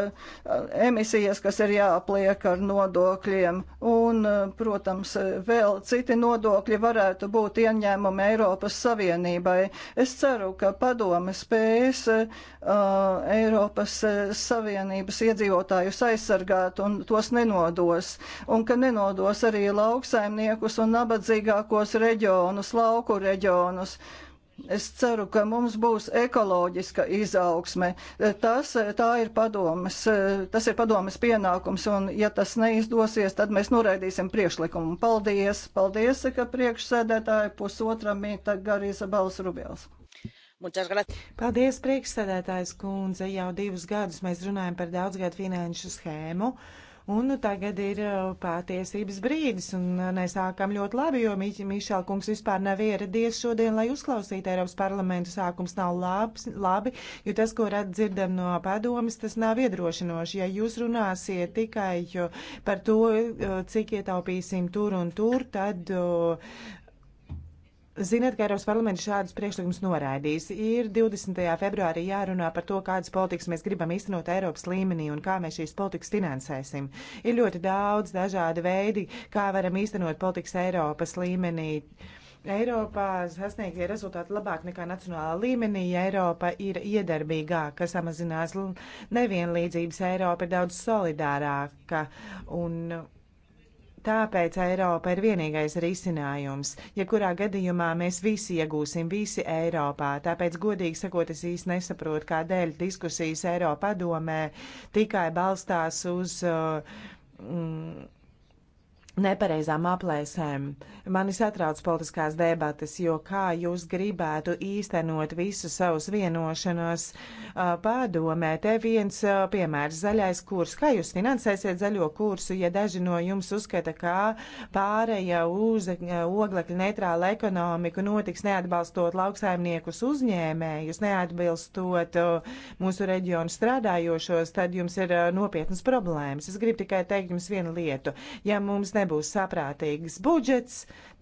Eh, emisijas, kas ir jāpliek ar nodokļiem. Un, eh, protams, vēl citi nodokļi varētu būt ieņēmumi Eiropas Savienībai. Es ceru, ka padome spēs eh, Eiropas Savienības iedzīvotājus aizsargāt un tos nenodos. Un ka nenodos arī lauksaimniekus un nabadzīgākos reģionus, lauku reģionus. Es ceru, ka mums būs ekoloģiska izaugsme. Tas, tā ir padomas, tas ir padomas pienākums, un ja tas neizdosies, tad mēs noraidīsim priekšlikumu. Paldies, paldies, ka priekšsēdētāji pusotra mīta Garīza Balsrubēls. Paldies, priekšsēdētājs kundze. Jau divus gadus mēs runājam par daudzgadu finanšu schēmu. Uh, Un nu, tagad ir uh, patiesības brīdis, un uh, mēs sākām ļoti labi, jo Miš Mišela kungs vispār nav ieradies šodien, lai uzklausītu Eiropas parlamentu. Sākums nav labs, labi, jo tas, ko dzirdam no padomas, tas nav iedrošinoši. Ja jūs runāsiet tikai uh, par to, cik ietaupīsim tur un tur, tad uh, Ziniet, ka Eiropas parlaments šādus priekšlikumus noraidīs. Ir 20. februārī jārunā par to, kādas politikas mēs gribam īstenot Eiropas līmenī un kā mēs šīs politikas finansēsim. Ir ļoti daudz dažādi veidi, kā varam īstenot politikas Eiropas līmenī. Eiropā sasniegtie rezultāti labāk nekā nacionālā līmenī, ja Eiropa ir iedarbīgāka, samazinās nevienlīdzības, Eiropa ir daudz solidārāka un Tāpēc Eiropa ir vienīgais risinājums. Jebkurā ja gadījumā mēs visi iegūsim, visi Eiropā. Tāpēc, godīgi sakot, es īsti nesaprotu, kādēļ diskusijas Eiropa padomē tikai balstās uz. Uh, mm, nepareizām aplēsēm. Mani satrauc politiskās debates, jo kā jūs gribētu īstenot visu savus vienošanos uh, padomē, te viens uh, piemērs zaļais kurs. Kā jūs finansēsiet zaļo kursu, ja daži no jums uzskata, ka pāreja uz uh, oglekļa neitrāla ekonomiku notiks neatbalstot lauksaimniekus uzņēmējus, neatbilstot mūsu reģionu strādājošos, tad jums ir nopietnas problēmas. Es gribu tikai teikt jums vienu lietu. Ja mums nebūs nebūs saprātīgs budžets,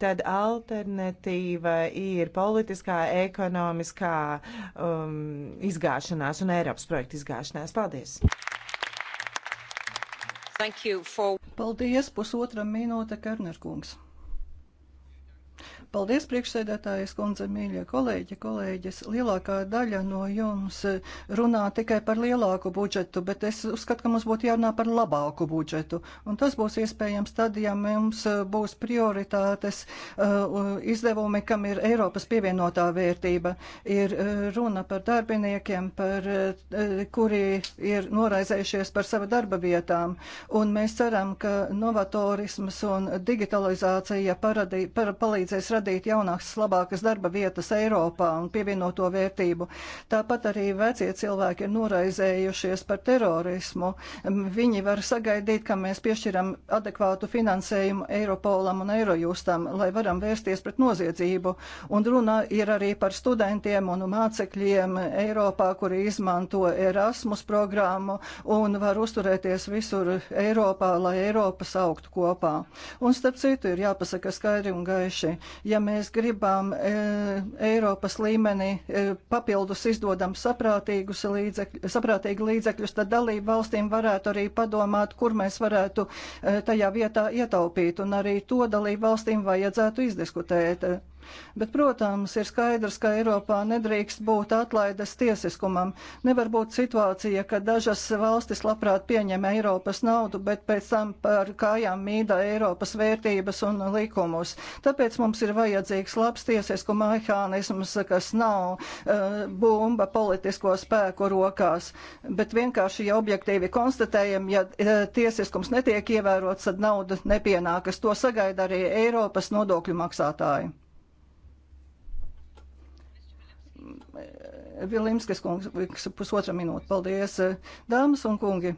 tad alternatīva ir politiskā, ekonomiskā um, izgāšanās un Eiropas projekta izgāšanās. Paldies! For... Paldies, pusotra minūte, Kernerkungs. Paldies, priekšsēdētājas kundze, mīļie kolēģi, kolēģis. Lielākā daļa no jums runā tikai par lielāku budžetu, bet es uzskatu, ka mums būtu jārunā par labāku budžetu. Un tas būs iespējams tad, ja mums būs prioritātes uh, izdevumi, kam ir Eiropas pievienotā vērtība. Ir uh, runa par darbiniekiem, par, uh, kuri ir noraizējušies par savu darba vietām. Un mēs ceram, ka novatorisms un digitalizācija paradī, par, palīdzēs radīt radīt jaunākas, labākas darba vietas Eiropā un pievienoto vērtību. Tāpat arī vecie cilvēki ir noraizējušies par terorismu. Viņi var sagaidīt, ka mēs piešķiram adekvātu finansējumu Eiropolam un Eirojustam, lai varam vērsties pret noziedzību. Un runa ir arī par studentiem un mācekļiem Eiropā, kuri izmanto Erasmus programmu un var uzturēties visur Eiropā, lai Eiropas augtu kopā. Un starp citu ir jāpasaka skaidri un gaiši, Ja mēs gribam e, Eiropas līmenī e, papildus izdodam saprātīgus līdzekļus, saprātīgi līdzekļus, tad dalību valstīm varētu arī padomāt, kur mēs varētu e, tajā vietā ietaupīt, un arī to dalību valstīm vajadzētu izdiskutēt. Bet, protams, ir skaidrs, ka Eiropā nedrīkst būt atlaides tiesiskumam. Nevar būt situācija, ka dažas valstis labprāt pieņem Eiropas naudu, bet pēc tam par kājām mīda Eiropas vērtības un likumus. Tāpēc mums ir vajadzīgs labs tiesiskuma mehānisms, kas nav uh, bumba politisko spēku rokās, bet vienkārši ja objektīvi konstatējam, ja uh, tiesiskums netiek ievērots, tad nauda nepienākas. To sagaida arī Eiropas nodokļu maksātāji. Vilimskas kungs, pusotra minūte. Paldies, eh, dāmas un kungi!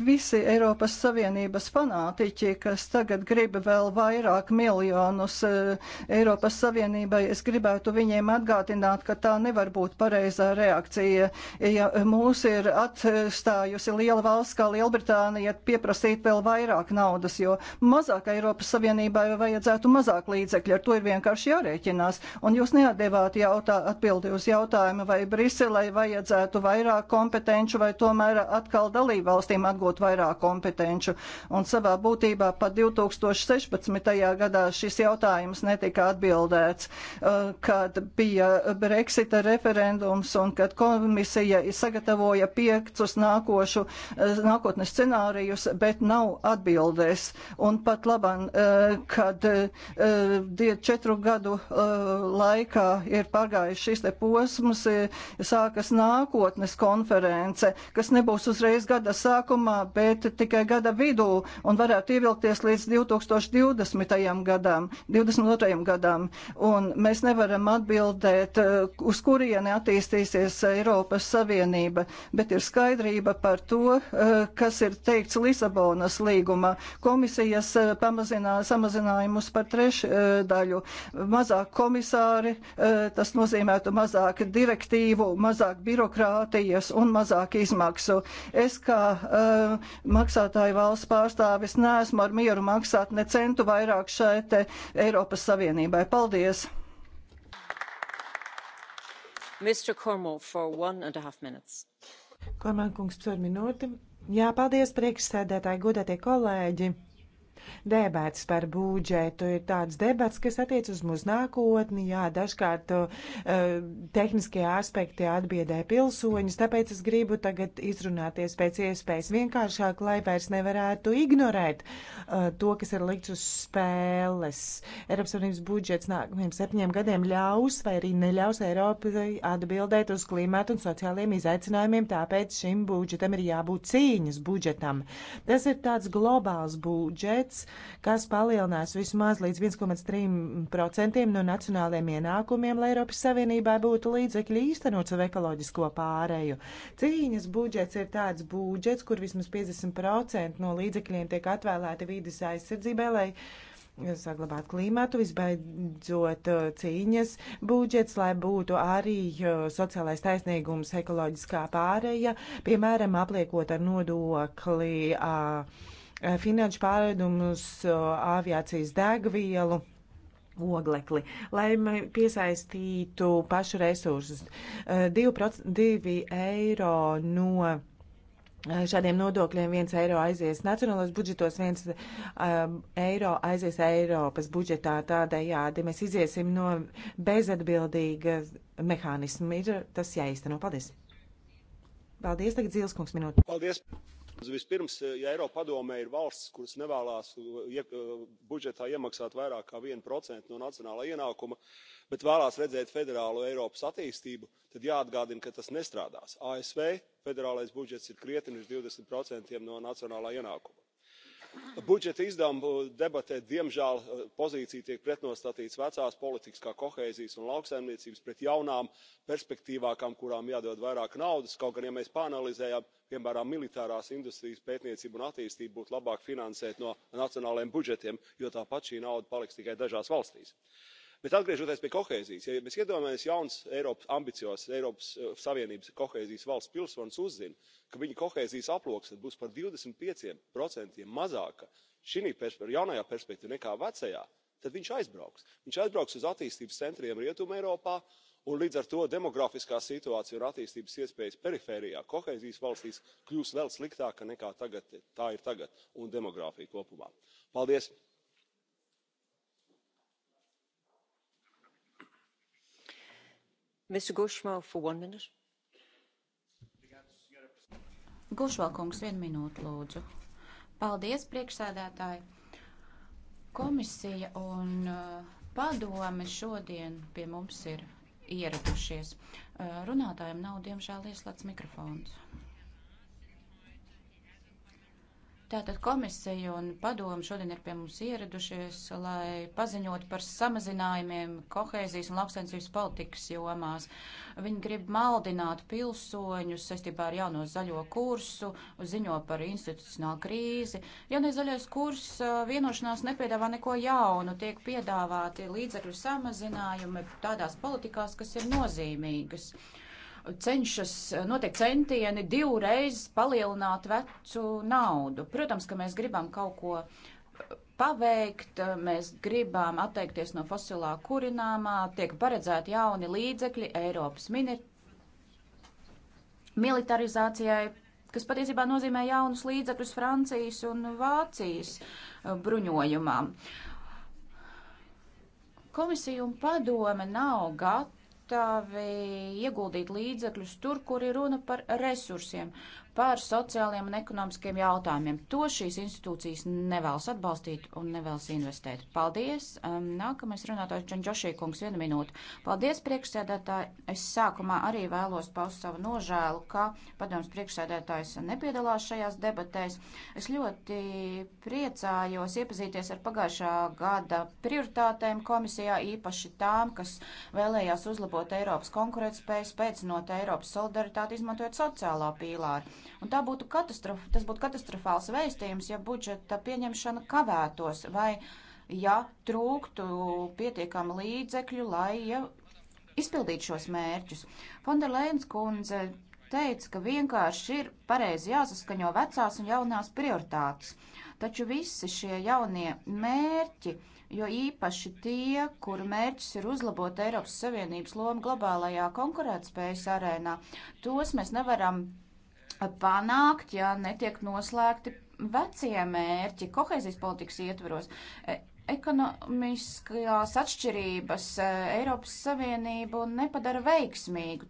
Visi Eiropas Savienības fanātiķi, kas tagad grib vēl vairāk miljonus e, Eiropas Savienībai, es gribētu viņiem atgādināt, ka tā nevar būt pareizā reakcija. Ja mūs ir atstājusi liela valsts kā Lielbritānija, pieprasīt vēl vairāk naudas, jo mazāk Eiropas Savienībai vajadzētu mazāk līdzekļu, ar to ir vienkārši jārēķinās. Un jūs neatdevāt jautā, atbildi uz jautājumu, vai Briselei vajadzētu vairāk kompetenču vai tomēr atkal dalībvalsts valstīm atgūt vairāk kompetenču. Un savā būtībā pat 2016. gadā šis jautājums netika atbildēts, uh, kad bija Brexita referendums un kad komisija sagatavoja piecus nākošu, uh, nākotnes scenārijus, bet nav atbildēs. Un pat labam, uh, kad četru gadu laikā ir pārgājis šis te posms, sākas nākotnes konference, kas nebūs uzreiz gada sākumā, bet tikai gada vidū un varētu ievilkties līdz 2020. gadam, 22. gadam. Un mēs nevaram atbildēt, eh, uz kurieni attīstīsies Eiropas Savienība, bet ir skaidrība par to, eh, kas ir teikts Lisabonas līguma. Komisijas eh, pamazinā, samazinājumus par trešdaļu, mazāk komisāri, tas nozīmētu mazāk direktīvu, mazāk birokrātijas un mazāk izmaksu. Es kā uh, maksātāju valsts pārstāvis neesmu ar mieru maksāt ne centu vairāk šai te Eiropas Savienībai. Paldies! Mr. Cornwall for one and a half minutes. Kormankungs, ceru minūti. Jā, paldies priekšsēdētāji, godētie kolēģi. Debats par budžetu ir tāds debats, kas attiec uz mūsu nākotni. Jā, dažkārt uh, tehniskie aspekti atbiedē pilsoņus, tāpēc es gribu tagad izrunāties pēc iespējas vienkāršāk, lai vairs nevarētu ignorēt uh, to, kas ir likts uz spēles. Eiropas Savienības budžets nākamajiem septiņiem gadiem ļaus vai arī neļaus Eiropai atbildēt uz klimatu un sociālajiem izaicinājumiem, tāpēc šim budžetam ir jābūt cīņas budžetam. Tas ir tāds globāls budžets budžets, kas palielinās vismaz līdz 1,3% no nacionāliem ienākumiem, lai Eiropas Savienībā būtu līdzekļi īstenot savu ekoloģisko pārēju. Cīņas budžets ir tāds budžets, kur vismaz 50% no līdzekļiem tiek atvēlēti vīdes aizsardzībai, lai saglabāt klimatu, visbeidzot cīņas budžets, lai būtu arī sociālais taisnīgums, ekoloģiskā pāreja, piemēram, apliekot ar nodokli. Uh, Eh, finanšu pārvedumus, eh, aviācijas degvielu oglekli, lai piesaistītu pašu resursus. 2%, eh, 2 eiro no šādiem nodokļiem 1 eiro aizies nacionālos budžetos, 1 eiro aizies Eiropas budžetā. Tādējādi mēs iziesim no bezatbildīga mehānisma. Ir tas jāīsteno. Paldies! Paldies! Tagad Zilskungs minūte. Paldies! Vispirms, eh, ja Eiropadomē ir valsts, kuras nevēlas eh, eh, budžetā iemaksāt vairāk kā 1% no nacionālā ienākuma, bet vēlās redzēt federālu Eiropas attīstību, tad jāatgādina, ka tas nestrādās. ASV federālais budžets ir krietni virs 20% no nacionālā ienākuma budžeta izdevumu debatē diemžēl eh, pozīcija tiek pretnostatīta vecās politikas kā kohēzijas un lauksaimniecības pret jaunām perspektīvākām kurām jādod vairāk naudas kaut gan ja mēs paanalizējam piemēram militārās industrijas pētniecību un attīstību būtu labāk finansēt no nacionālajiem budžetiem jo tāpat šī nauda paliks tikai dažās valstīs bet atgriežoties pie kohēzijas ja mēs iedomājamies jauns eiropas ambiciozs eiropas eh, savienības kohēzijas valsts pilsonis uzzina ka viņa kohēzijas aploksne būs par divdesmit pieciem procentiem mazāka šī jaunajā perspektīvā nekā vecajā tad viņš aizbrauks. viņš aizbrauks uz attīstības centriem rietumeiropā un līdz ar to demografiskā situācija un attīstības iespējas perifērijā kohēzijas valstīs kļūs vēl sliktāka nekā tā ir tagad un demogrāfija kopumā. paldies! Gušvalkungs, vienu minūtu lūdzu. Paldies, priekšsēdētāji. Komisija un uh, padome šodien pie mums ir ieradušies. Uh, runātājiem nav, diemžēl, ieslēgts mikrofons. Tātad komisija un padomu šodien ir pie mums ieradušies, lai paziņot par samazinājumiem kohēzijas un lauksainsības politikas jomās. Viņi grib maldināt pilsoņus saistībā ar jauno zaļo kursu, ziņo par institucionālu krīzi. Jaunais zaļais kurs vienošanās nepiedāvā neko jaunu, tiek piedāvāti līdzekļu samazinājumi tādās politikās, kas ir nozīmīgas. Uh, cenšas, notiek centieni divreiz palielināt vecu naudu. Protams, ka mēs gribam kaut ko paveikt, mēs gribam atteikties no fosilā kurināmā, tiek paredzēti jauni līdzekļi Eiropas mini militarizācijai, kas patiesībā nozīmē jaunus līdzekļus Francijas un Vācijas uh, bruņojumam. Komisija un padome nav gatavi gatavi ieguldīt līdzekļus tur, kur ir runa par resursiem par sociāliem un ekonomiskiem jautājumiem. To šīs institūcijas nevēlas atbalstīt un nevēlas investēt. Paldies! Um, nākamais runātājs Džanģošī kungs, viena minūte. Paldies, priekšsēdētāji! Es sākumā arī vēlos paust savu nožēlu, ka padoms priekšsēdētājs nepiedalās šajās debatēs. Es ļoti priecājos iepazīties ar pagājušā gada prioritātēm komisijā, īpaši tām, kas vēlējās uzlabot Eiropas konkurētspēju, spēcinot Eiropas solidaritāti, izmantojot sociālā pīlāru. Un tā būtu katastrof, tas būtu katastrofāls vēstījums, ja budžeta pieņemšana kavētos vai ja trūktu pietiekami līdzekļu, lai ja izpildītu šos mērķus. Fonderlēns kundze teica, ka vienkārši ir pareizi jāsaskaņo vecās un jaunās prioritātes. Taču visi šie jaunie mērķi, jo īpaši tie, kuru mērķis ir uzlabot Eiropas Savienības lomu globālajā konkurētspējas arēnā, tos mēs nevaram panākt, ja netiek noslēgti vecie mērķi kohēzijas politikas ietveros. E, ekonomiskās atšķirības e, Eiropas Savienību nepadara veiksmīgu.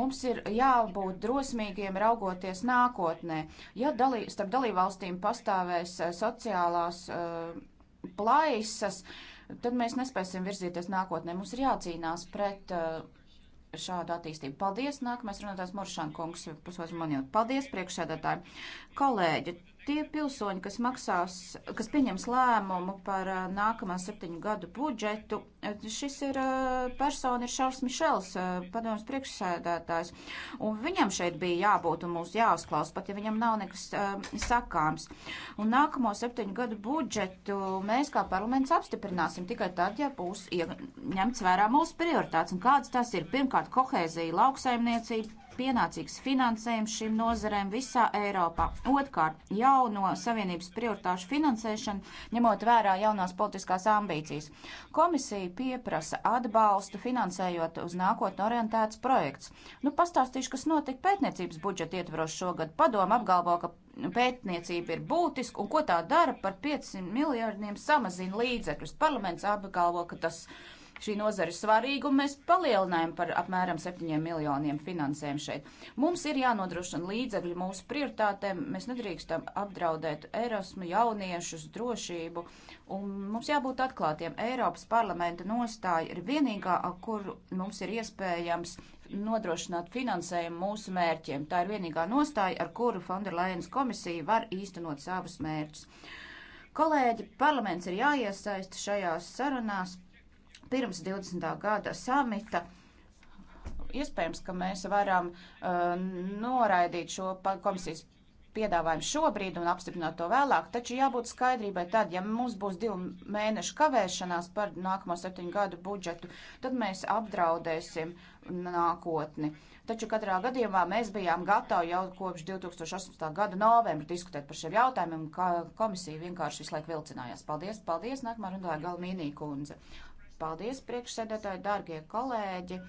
Mums ir jābūt drosmīgiem raugoties nākotnē. Ja dalī, starp dalībvalstīm pastāvēs e, sociālās uh, plaisas, tad mēs nespēsim virzīties nākotnē. Mums ir jācīnās pret uh, šādu attīstību. Paldies, nākamais runātājs Moršan kungs, pusotru minūti. Paldies, priekšsēdētāji. Kolēģi, tie pilsoņi, kas maksās, kas pieņems lēmumu par uh, nākamā septiņu gadu budžetu, šis ir uh, persona ir Šārs Mišels, uh, padomas priekšsēdētājs, un viņam šeit bija jābūt un mūs jāuzklaus, pat ja viņam nav nekas sakāms. Un nākamo septiņu gadu budžetu mēs kā parlaments apstiprināsim tikai tad, ja būs ņemts vērā mūsu prioritātes. Un kādas tas ir? Pirmkārt, kohēzija, lauksaimniecība, pienācīgs finansējums šīm nozarēm visā Eiropā. Otkārt, jauno savienības prioritāšu finansēšanu, ņemot vērā jaunās politiskās ambīcijas. Komisija pieprasa atbalstu, finansējot uz nākotnē orientēts projekts. Nu, pastāstīšu, kas notika pētniecības budžeta ietvaros šogad. Padoma apgalvo, ka pētniecība ir būtiska un ko tā dara par 500 miljardiem samazina līdzekļus. Parlaments apgalvo, ka tas ir šī nozara ir svarīga, un mēs palielinājam par apmēram 7 miljoniem finansējumu šeit. Mums ir jānodrošina līdzekļi mūsu prioritātēm, mēs nedrīkstam apdraudēt Erasmu jauniešus, drošību, un mums jābūt atklātiem. Eiropas parlamenta nostāja ir vienīgā, kur mums ir iespējams nodrošināt finansējumu mūsu mērķiem. Tā ir vienīgā nostāja, ar kuru Fonderlainas komisija var īstenot savus mērķus. Kolēģi, parlaments ir jāiesaista šajās sarunās pirms 20. gada samita. Iespējams, ka mēs varam uh, noraidīt šo komisijas piedāvājumu šobrīd un apstiprināt to vēlāk, taču jābūt skaidrībai tad, ja mums būs divu mēnešu kavēšanās par nākamo septiņu gadu budžetu, tad mēs apdraudēsim nākotni. Taču katrā gadījumā mēs bijām gatavi jau kopš 2018. gada novembra diskutēt par šiem jautājumiem, un komisija vienkārši visu laiku vilcinājās. Paldies, paldies, nākamā rundā Galmīnī kundze paldies priekšsēdētāji, dārgie kolēģi.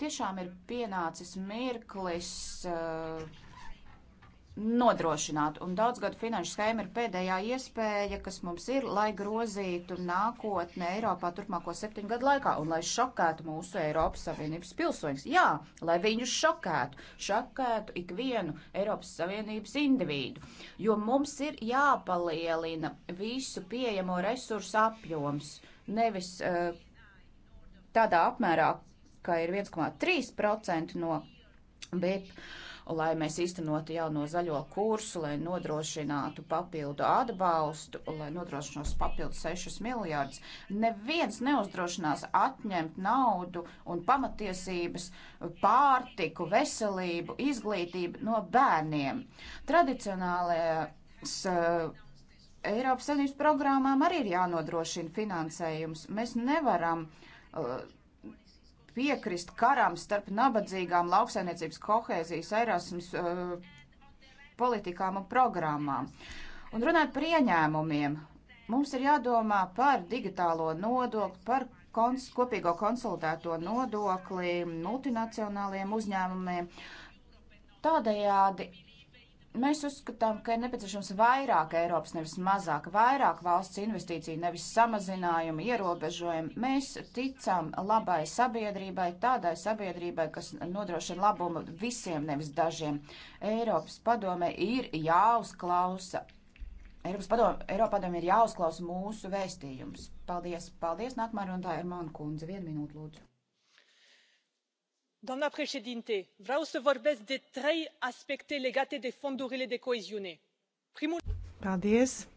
Tiešām ir pienācis mirklis uh, nodrošināt, un daudzgadu finanšu schēma ir pēdējā iespēja, kas mums ir, lai grozītu nākotni Eiropā turpmāko septiņu gadu laikā, un lai šokētu mūsu Eiropas Savienības pilsoņus. Jā, lai viņus šokētu, šokētu ikvienu Eiropas Savienības individu, jo mums ir jāpalielina visu pieejamo resursu apjoms, nevis uh, tādā apmērā, ka ir 1,3% no BIP, lai mēs īstenotu jauno zaļo kursu, lai nodrošinātu papildu atbalstu, lai nodrošinos papildu 6 miljārdus. Neviens neuzdrošinās atņemt naudu un pamatiesības, pārtiku, veselību, izglītību no bērniem. Tradicionālajās uh, Eiropas Savienības programmām arī ir jānodrošina finansējums. Mēs nevaram uh, Uh, piekrist karam starp nabadzīgām lauksainiecības kohēzijas Erasmus uh, politikām un programmām. Un runāt par ieņēmumiem, mums ir jādomā par digitālo nodokli, par kons kopīgo konsultēto nodokli multinacionāliem uzņēmumiem. Tādējādi Mēs uzskatām, ka ir nepieciešams vairāk Eiropas, nevis mazāk, vairāk valsts investīciju, nevis samazinājumu, ierobežojumu. Mēs ticam labai sabiedrībai, tādai sabiedrībai, kas nodrošina labumu visiem, nevis dažiem. Eiropas padome ir jāuzklausa. Eiropas padome, Eiropa padome ir jāuzklausa mūsu vēstījums. Paldies, paldies, nākamā rundā ir Manu kundze. Vienu minūtu lūdzu doamnă președintă vreau să vorbesc de trei aspecte legate de fondurile de coeziune. Paldies!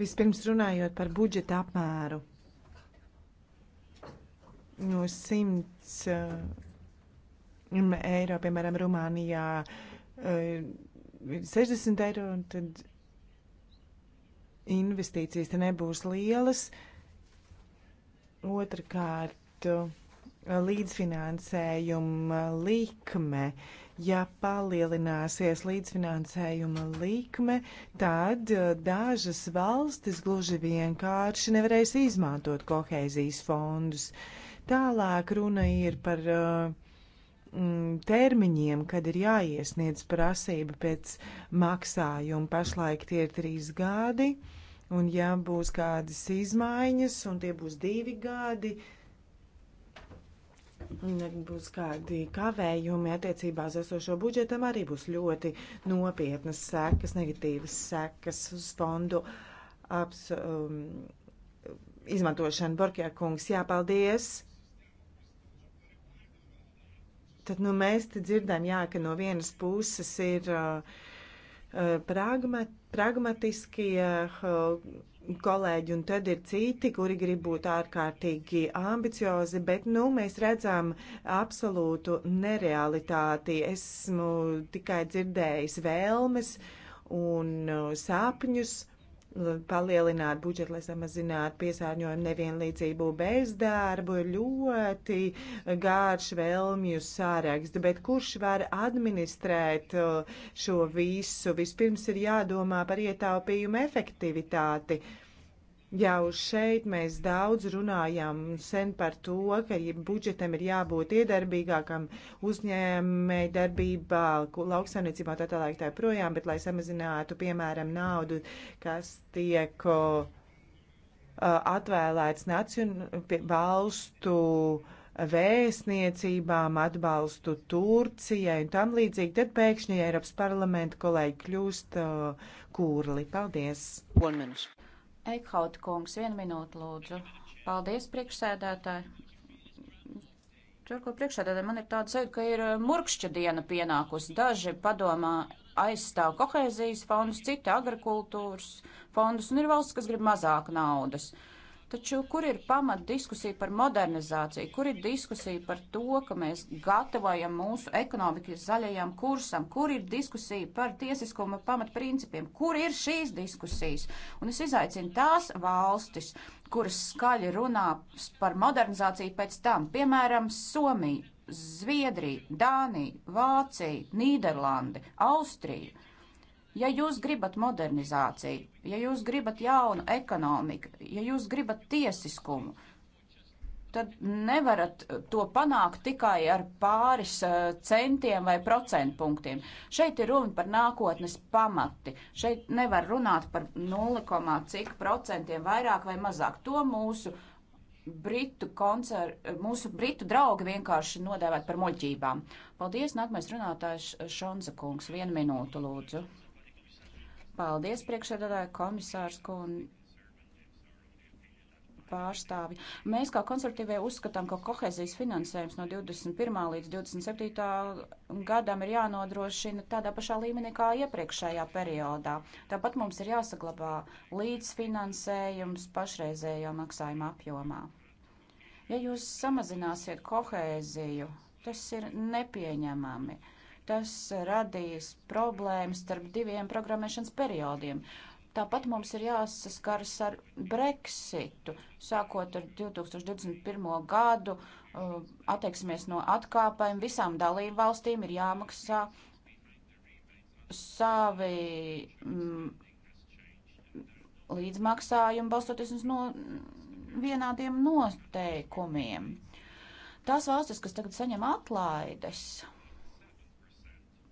Vispirms runājot par budžeta apmēru. No 100 uh, eiro, piemēram, Rumānijā uh, ir 60 eiro, un tad investīcijas te nebūs lielas. Otrakārt, līdzfinansējuma likme. Ja palielināsies līdzfinansējuma likme, tad uh, dažas valstis gluži vienkārši nevarēs izmantot kohēzijas fondus. Tālāk runa ir par uh, mm, termiņiem, kad ir jāiesniedz prasība pēc maksājuma. Pašlaik tie ir trīs gadi, un ja būs kādas izmaiņas, un tie būs divi gadi, uh, būs kādi kavējumi attiecībā uz esošo budžetam, arī būs ļoti nopietnas sekas, negatīvas sekas uz fondu aps, um, izmantošanu. Borkjā kungs, jāpaldies! Tad nu, mēs te dzirdam, jā, ka no vienas puses ir uh, uh pragmat, pragmatiskie. Uh, kolēģi, un tad ir citi, kuri grib būt ārkārtīgi ambiciozi, bet, nu, mēs redzam absolūtu nerealitāti. Esmu tikai dzirdējis vēlmes un uh, sapņus. Uh, palielināt budžetu, lai samazinātu piesārņojumu nevienlīdzību bezdarbu, ir ļoti gārš vēlmju sāraksts, bet kurš var administrēt uh, šo visu? Vispirms ir jādomā par ietaupījumu efektivitāti. Uh, Jau šeit mēs daudz runājām sen par to, ka budžetam ir jābūt iedarbīgākam uzņēmē darbībā, lauksainicībā tā tālāk tā projām, bet lai samazinātu, piemēram, naudu, kas tiek uh, atvēlēts nacion, valstu vēstniecībām, atbalstu Turcijai un tam līdzīgi, tad pēkšņi Eiropas parlamenta kolēģi kļūst uh, kūrli. Paldies! One minute. Eikhaut kungs, vienu minūtu lūdzu. Paldies, priekšsēdētāji. Tur, ko priekšsēdētāji, man ir tāda sajūta, ka ir eh, murkšķa diena pienākusi. Daži padomā aizstāv kohēzijas fondus, citi agrikultūras fondus, un ir valsts, kas grib mazāk naudas. Uh, Taču kur ir pamat diskusija par modernizāciju, kur ir diskusija par to, ka mēs gatavojam mūsu ekonomiku zaļajam kursam, kur ir diskusija par tiesiskuma pamatprincipiem, kur ir šīs diskusijas? Un es izaicinu tās valstis, kuras skaļi runā par modernizāciju pēc tam, piemēram, Somija, Zviedrija, Dānija, Vācija, Nīderlandi, Austrija Ja jūs gribat modernizāciju, ja jūs gribat jaunu ekonomiku, ja jūs gribat tiesiskumu, tad nevarat to panākt tikai ar pāris eh, centiem vai procentpunktiem. Šeit ir runa par nākotnes pamati. Šeit nevar runāt par 0, cik procentiem vairāk vai mazāk. To mūsu britu, koncer, mūsu britu draugi vienkārši nodēvēt par muļķībām. Paldies, nākamais runātājs Šonza kungs. Vienu minūtu, lūdzu. Paldies, priekšēdātāja komisārs un pārstāvi. Mēs kā konservatīvie uzskatām, ka kohezijas finansējums no 21. līdz 27. gadam ir jānodrošina tādā pašā līmenī kā iepriekšējā periodā. Tāpat mums ir jāsaglabā līdzfinansējums pašreizējo maksājuma apjomā. Ja jūs samazināsiet kohēziju, tas ir nepieņemami. Uh, tas radīs problēmas starp diviem programmēšanas periodiem. Tāpat mums ir jāsaskaras ar Brexitu, sākot ar 2021. gadu, uh, attieksimies no atkāpēm, visām dalību valstīm ir jāmaksā savi mm, līdzmaksājumi, balstoties uz no vienādiem noteikumiem. Tās valstis, kas tagad saņem atlaides,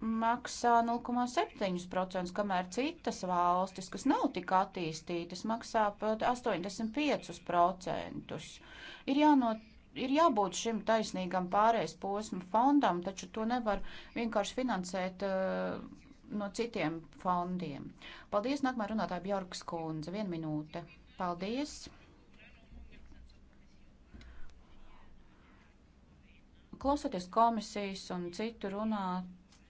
maksā 0,7%, kamēr citas valstis, kas nav tik attīstītas, maksā pat 85%. Ir, jānot, ir jābūt šim taisnīgam pārējais posmu fondam, taču to nevar vienkārši finansēt uh, no citiem fondiem. Paldies, nākamā runātāja Bjorkas kundze. Vienu minūte. Paldies. Klausoties komisijas un citu runāt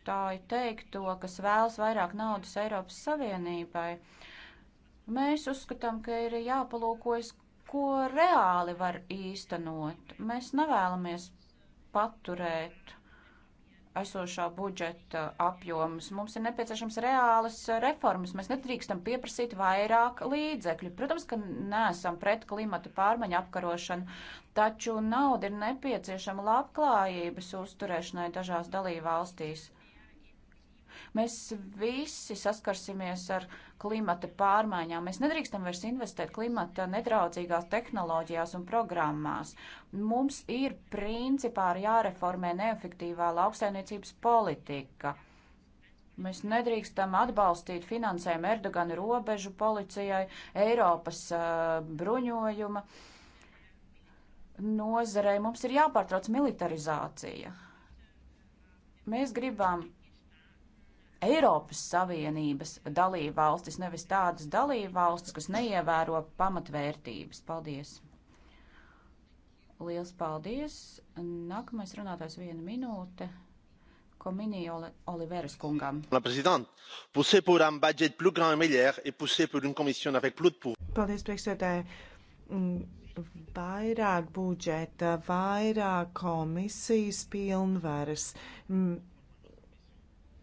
runātāju teikto, kas vēlas vairāk naudas Eiropas Savienībai. Mēs uzskatām, ka ir jāpalūkojas, ko reāli var īstenot. Mēs nevēlamies paturēt esošā budžeta apjomus. Mums ir nepieciešams reālas reformas. Mēs nedrīkstam pieprasīt vairāk līdzekļu. Protams, ka neesam pret klimata pārmaiņu apkarošanu, taču nauda ir nepieciešama labklājības uzturēšanai dažās dalībvalstīs. Mēs visi saskarsimies ar klimata pārmaiņām. Mēs nedrīkstam vairs investēt klimata nedraudzīgās tehnoloģijās un programmās. Mums ir principā arī jāreformē neefektīvā lauksainiecības politika. Mēs nedrīkstam atbalstīt finansējumu Erdogana robežu policijai, Eiropas uh, bruņojuma nozarei. Mums ir jāpārtrauc militarizācija. Mēs gribam Eiropas Savienības dalību valstis, nevis tādas dalību valstis, kas neievēro pamatvērtības. Paldies! Liels paldies! Nākamais runātājs viena minūte. Kominija Oliveras kungam. La présidente, poussé pour un budget plus grand et meilleur et poussé pour une commission avec plus de pouvoir. Paldies, priekšsēdētāji. Mm, vairāk budžeta, vairāk komisijas pilnvaras. Mm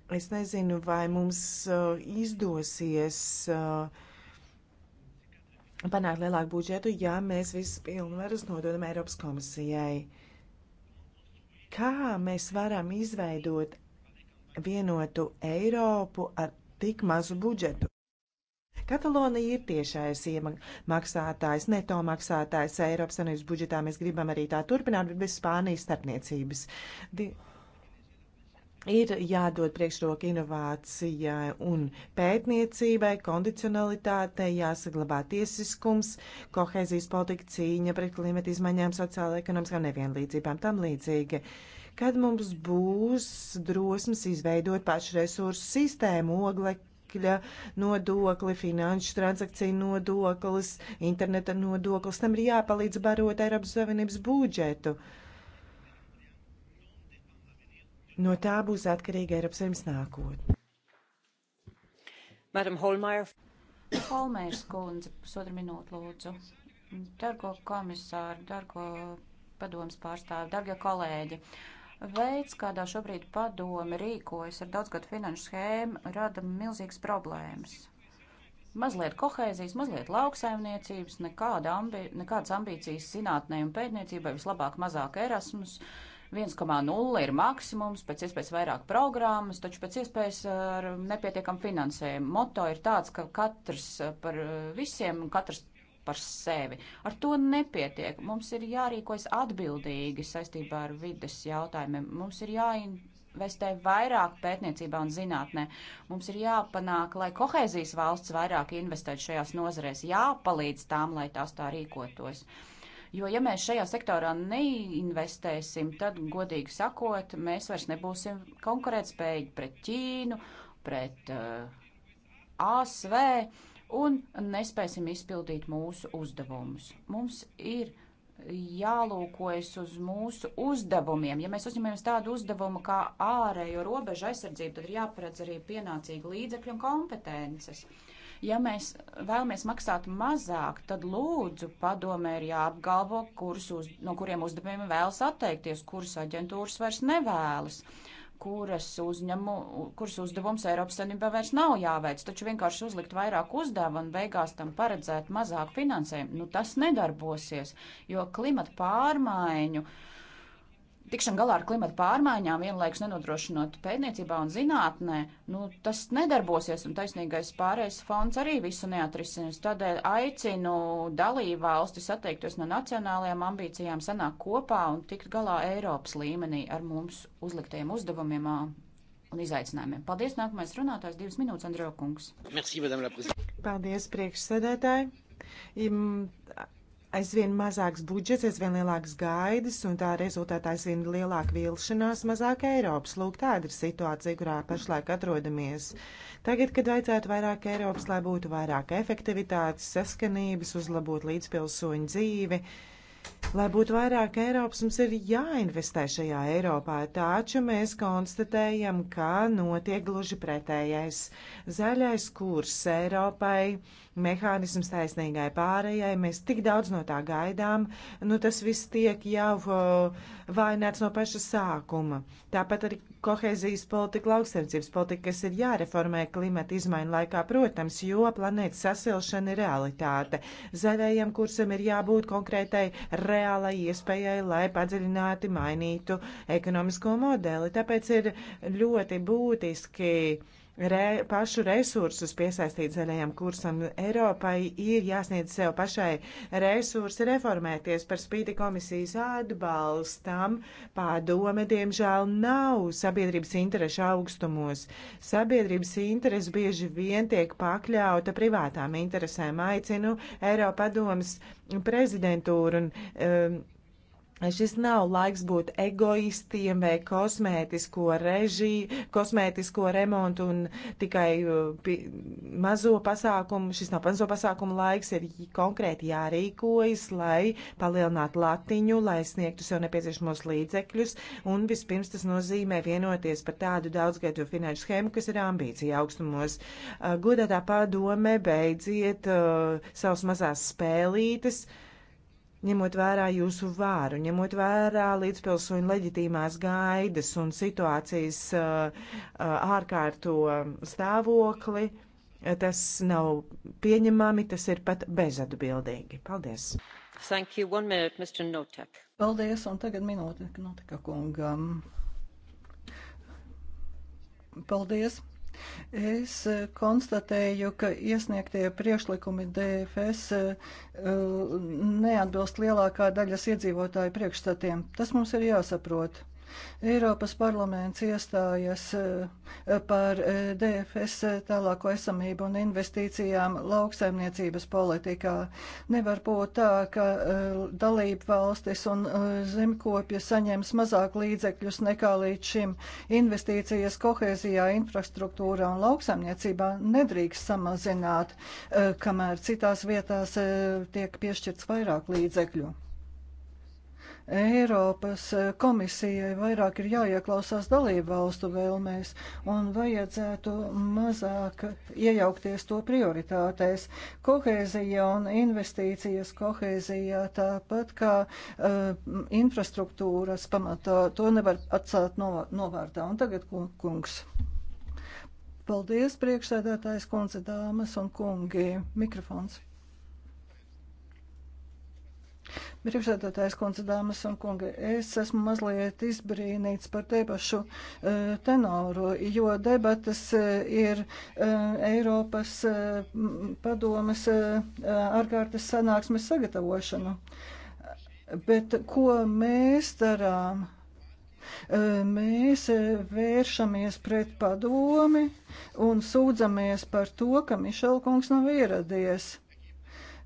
Es nezinu, vai mums uh, izdosies uh, panākt lielāku budžetu, ja mēs visas pilnvaras nododam Eiropas komisijai. Kā mēs varam izveidot vienotu Eiropu ar tik mazu budžetu? Katalonija ir tiešais iemaksātājs, neto maksātājs Eiropas Savienības budžetā. Mēs gribam arī tā turpināt, bet bez Spānijas starpniecības. Di Ir jādod priekšroka inovācijai un pētniecībai, kondicionalitātei, jāsaglabā tiesiskums, kohēzijas politika, cīņa pret klimata izmaiņām, sociāla ekonomiskām nevienlīdzībām, tam līdzīgi. Kad mums būs drosmes izveidot pašu resursu sistēmu, oglekļa nodokli, finanšu transakciju nodoklis, interneta nodoklis, tam ir jāpalīdz barot Eiropas Savienības budžetu. Uh, No tā būs atkarīga Eiropas Savienības nākotne. Madam Holmeier. Holmeiers kundze, pusotru minūtu lūdzu. Dargo komisāru, dargo padomas pārstāvi, dargie kolēģi. Veids, kādā šobrīd padome rīkojas ar daudzgadu finanšu schēmu, rada milzīgas problēmas. Mazliet kohēzijas, mazliet lauksaimniecības, nekāda ambi nekādas ambīcijas zinātnē un pētniecībai, vislabāk mazāk Erasmus. Uh, 1,0 ir maksimums, pēc iespējas vairāk programmas, taču pēc iespējas ar nepietiekam finansējumu. Moto ir tāds, ka katrs eh, par eh, visiem un katrs par sevi. Ar to nepietiek. Mums ir jārīkojas atbildīgi saistībā ar vides jautājumiem. Mums ir jāinvestē vairāk pētniecībā un zinātnē. Mums ir jāpanāk, lai kohēzijas valsts vairāk investētu šajās nozarēs, jāpalīdz tām, lai tās tā rīkotos. Uh, Jo, ja mēs šajā sektorā neinvestēsim, tad, godīgi sakot, mēs vairs nebūsim konkurētspējīgi pret Ķīnu, pret uh, ASV un nespēsim izpildīt mūsu uzdevumus. Mums ir jālūkojas uz mūsu uzdevumiem. Ja mēs uzņemamies tādu uzdevumu kā ārējo robežu aizsardzību, tad ir jāparedz arī pienācīgi līdzekļi un kompetences. Uh, Ja mēs vēlamies maksāt mazāk, tad lūdzu padomē ir jāapgalvo, kurus uz, no kuriem uzdevumiem vēlas atteikties, kuras aģentūras vairs nevēlas kuras, uzņemu, kuras uzdevums Eiropas Savienībā vairs nav jāveic, taču vienkārši uzlikt vairāk uzdevumu un beigās tam paredzēt mazāk finansējumu, nu tas nedarbosies, jo klimata pārmaiņu uh, tikšana galā ar klimatu pārmaiņām vienlaikus nenodrošinot pētniecībā un zinātnē, nu, tas nedarbosies, un taisnīgais pārējais fonds arī visu neatrisinās. Tādēļ aicinu dalību valstis atteikties no nacionālajām ambīcijām, sanākt kopā un tikt galā Eiropas līmenī ar mums uzliktiem uzdevumiem un izaicinājumiem. Paldies, nākamais runātājs, divas minūtes, Andrija Kungs. Merci, Paldies, priekšsēdētāji aizvien mazāks budžets, aizvien lielāks gaidas, un tā rezultātā aizvien lielāka vilšanās, mazāk Eiropas. Lūk, tāda ir situācija, kurā pašlaik atrodamies. Tagad, kad vajadzētu vairāk Eiropas, lai būtu vairāk efektivitātes, saskanības, uzlabot līdzpilsoņu dzīvi. Lai būtu vairāk Eiropas, mums ir jāinvestē šajā Eiropā, taču mēs konstatējam, ka notiek gluži pretējais zaļais kurs Eiropai mehānisms taisnīgai pārējai. Mēs tik daudz no tā gaidām, nu tas viss tiek jau vainēts no paša sākuma. Tāpat arī kohēzijas politika, lauksaimniecības politika, kas ir jāreformē klimata izmaiņu laikā, protams, jo planētas sasilšana ir realitāte. Zaļajam kursam ir jābūt konkrētai reālai iespējai, lai padziļināti mainītu ekonomisko modeli. Tāpēc ir ļoti būtiski re, pašu resursus piesaistīt zaļajam kursam. Eiropai ir jāsniedz sev pašai resursi reformēties par spīti komisijas atbalstam. Pārdome, diemžēl, nav sabiedrības interešu augstumos. Sabiedrības interes bieži vien tiek pakļauta privātām interesēm. Aicinu Eiropadomas prezidentūru un um, Šis nav laiks būt egoistiem vai kosmētisko režiju, kosmētisko remontu un tikai uh, pi, mazo pasākumu. Šis nav mazo pasākumu laiks, ir konkrēti jārīkojas, lai palielinātu latiņu, lai sniegtu sev nepieciešamos līdzekļus. Un vispirms tas nozīmē vienoties par tādu daudzgadu finanšu schēmu, kas ir ambīcija augstumos. Uh, godātā padome beidziet uh, savas mazās spēlītes. Uh, ņemot vērā jūsu vāru, ņemot vērā līdzpilsoņu leģitīmās gaidas un situācijas uh, uh, ārkārto stāvokli. Tas nav pieņemami, tas ir pat bezatbildīgi. Paldies! Thank you. One minute, Mr. Notek. Paldies, un tagad minūte Noteka kungam. Paldies! Es eh, konstatēju, ka iesniegtie priekšlikumi DFS eh, neatbilst lielākā daļas iedzīvotāju priekšstatiem. Tas mums ir jāsaprot. Eiropas parlaments iestājas eh, par eh, DFS eh, tālāko esamību un investīcijām lauksaimniecības politikā. Nevar būt tā, ka dalība valstis un zemkopja saņems mazāk līdzekļus nekā līdz šim. Investīcijas kohēzijā, infrastruktūrā un lauksaimniecībā nedrīkst samazināt, kamēr citās vietās tiek piešķirts vairāk līdzekļu. Eiropas eh, komisijai vairāk ir jāieklausās dalību valstu vēlmēs un vajadzētu mazāk iejaukties to prioritātēs. Kohēzija un investīcijas kohēzijā, tāpat kā uh, infrastruktūras pamatā, to nevar atstāt novārtā. Un tagad kungs. Paldies, priekšsēdētājs kundze, dāmas un kungi. Mikrofons. Priekšsēdētājs kundze, dāmas un kungi, es esmu mazliet izbrīnīts par debašu e, tenoru, jo debatas e, ir e, Eiropas padomas ārkārtas sanāksmes sagatavošanu. Bet ko mēs darām? mēs vēršamies pret padomi un sūdzamies par to, ka Mišelkungs nav ieradies.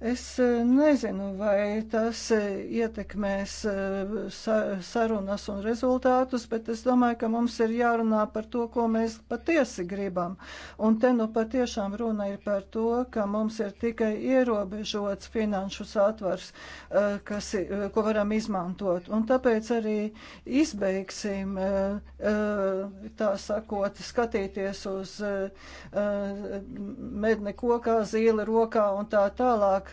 Es e, nezinu, vai tas e, ietekmēs e, sarunas un rezultātus, bet es domāju, ka mums ir jārunā par to, ko mēs patiesi gribam. Un te nu patiešām runa ir par to, ka mums ir tikai ierobežots finanšu satvars, kas, ko varam izmantot. Un tāpēc arī izbeigsim, tā sakot, skatīties uz medni kokā, zīle rokā un tā tālāk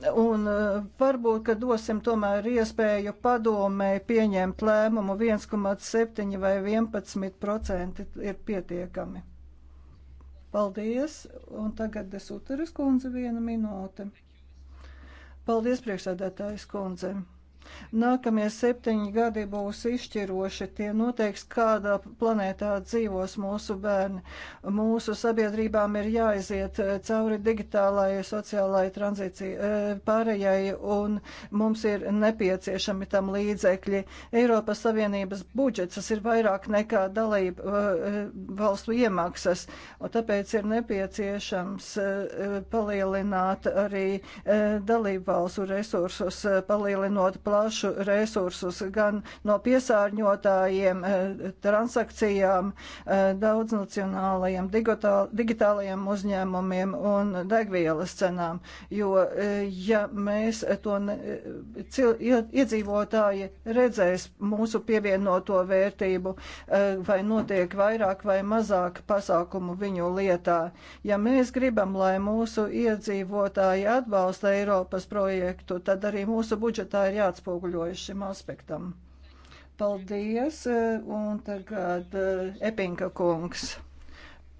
tālāk. Un eh, varbūt, ka dosim tomēr iespēju padomēji pieņemt lēmumu 1,7 vai 11 procenti ir pietiekami. Paldies, un tagad es uteris kundze viena minūte. Paldies, priekšsēdētājs kundze. Nākamie septiņi gadi būs izšķiroši. Tie noteiks, kādā planētā dzīvos mūsu bērni. Mūsu sabiedrībām ir jāiziet eh, cauri digitālajai, sociālajai tranzīcijai, eh, pārējai, un mums ir nepieciešami tam līdzekļi. Eiropas Savienības budžets ir vairāk nekā dalība eh, valstu iemaksas, un tāpēc ir nepieciešams palielināt arī dalību valstu resursus, palielinot plānu plašu resursus gan no piesārņotājiem, eh, transakcijām, eh, daudznacionālajiem digitālajiem uzņēmumiem un degvielas cenām. Jo, eh, ja mēs to ne, cil, iedzīvotāji redzēs mūsu pievienoto vērtību, vai notiek vairāk vai mazāk pasākumu viņu lietā, ja mēs gribam, lai mūsu iedzīvotāji atbalsta Eiropas projektu, tad arī mūsu budžetā ir jāatspūj atspoguļojušiem aspektam. Paldies, e, un tagad e, Epinka kungs.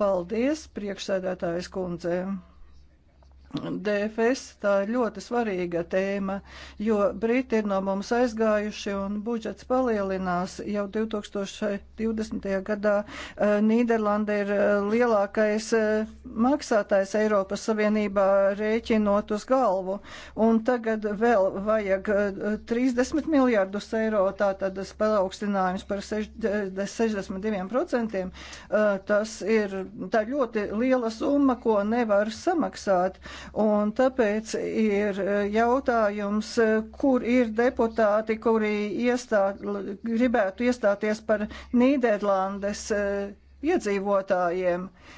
Paldies, priekšsēdētājs kundzēm. DFS tā ir ļoti svarīga tēma, jo Briti ir no mums aizgājuši un budžets palielinās. Jau 2020. gadā eh, Nīderlanda ir eh, lielākais eh, maksātājs Eiropas Savienībā rēķinot uz galvu. Un tagad vēl vajag 30 miljārdus eiro, tātad paaugstinājums par 62%. Tas ir tā ļoti liela summa, ko nevar samaksāt. Un tāpēc ir eh, jautājums, eh, kur ir deputāti, kuri iestā, gribētu iestāties par Nīderlandes eh, iedzīvotājiem. Uh,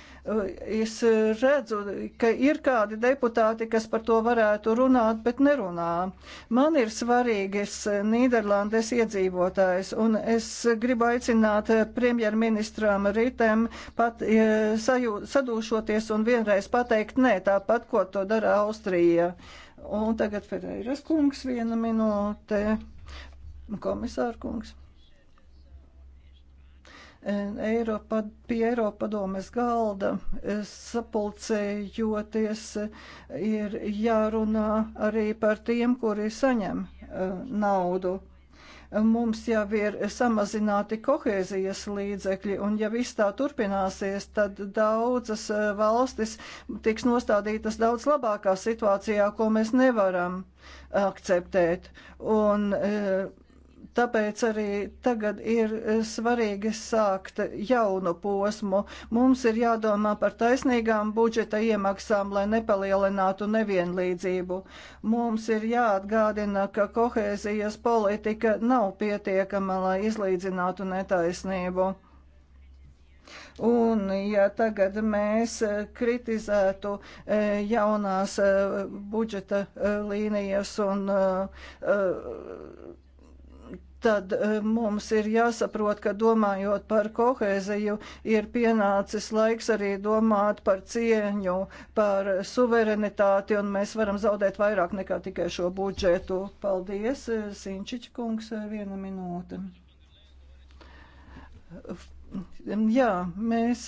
Es redzu, ka ir kādi deputāti, kas par to varētu runāt, bet nerunā. Man ir svarīgas Nīderlandes iedzīvotājs, un es gribu aicināt premjerministram Ritem pat e, sajū, sadūšoties un vienreiz pateikt nē, tāpat, ko to dara Austrija. Un tagad Ferreiras kungs viena minūte, komisāra kungs. Eiropa, pie Eiropa padomes galda eh, sapulcējoties eh, ir jārunā arī par tiem, kuri saņem eh, naudu. Mums jau ir samazināti kohēzijas līdzekļi, un ja viss tā turpināsies, tad daudzas valstis tiks nostādītas daudz labākā situācijā, ko mēs nevaram akceptēt. Un, uh, Tāpēc arī tagad ir e, svarīgi sākt jaunu posmu. Mums ir jādomā par taisnīgām budžeta iemaksām, lai nepalielinātu nevienlīdzību. Mums ir jāatgādina, ka kohēzijas politika nav pietiekama, lai izlīdzinātu netaisnību. Un, ja tagad mēs kritizētu e, jaunās e, budžeta līnijas un tad eh, mums ir jāsaprot, ka domājot par kohēziju, ir pienācis laiks arī domāt par cieņu, par suverenitāti, un mēs varam zaudēt vairāk nekā tikai šo budžetu. Paldies, eh, Sinčiķa kungs, eh, viena minūte. Jā, mēs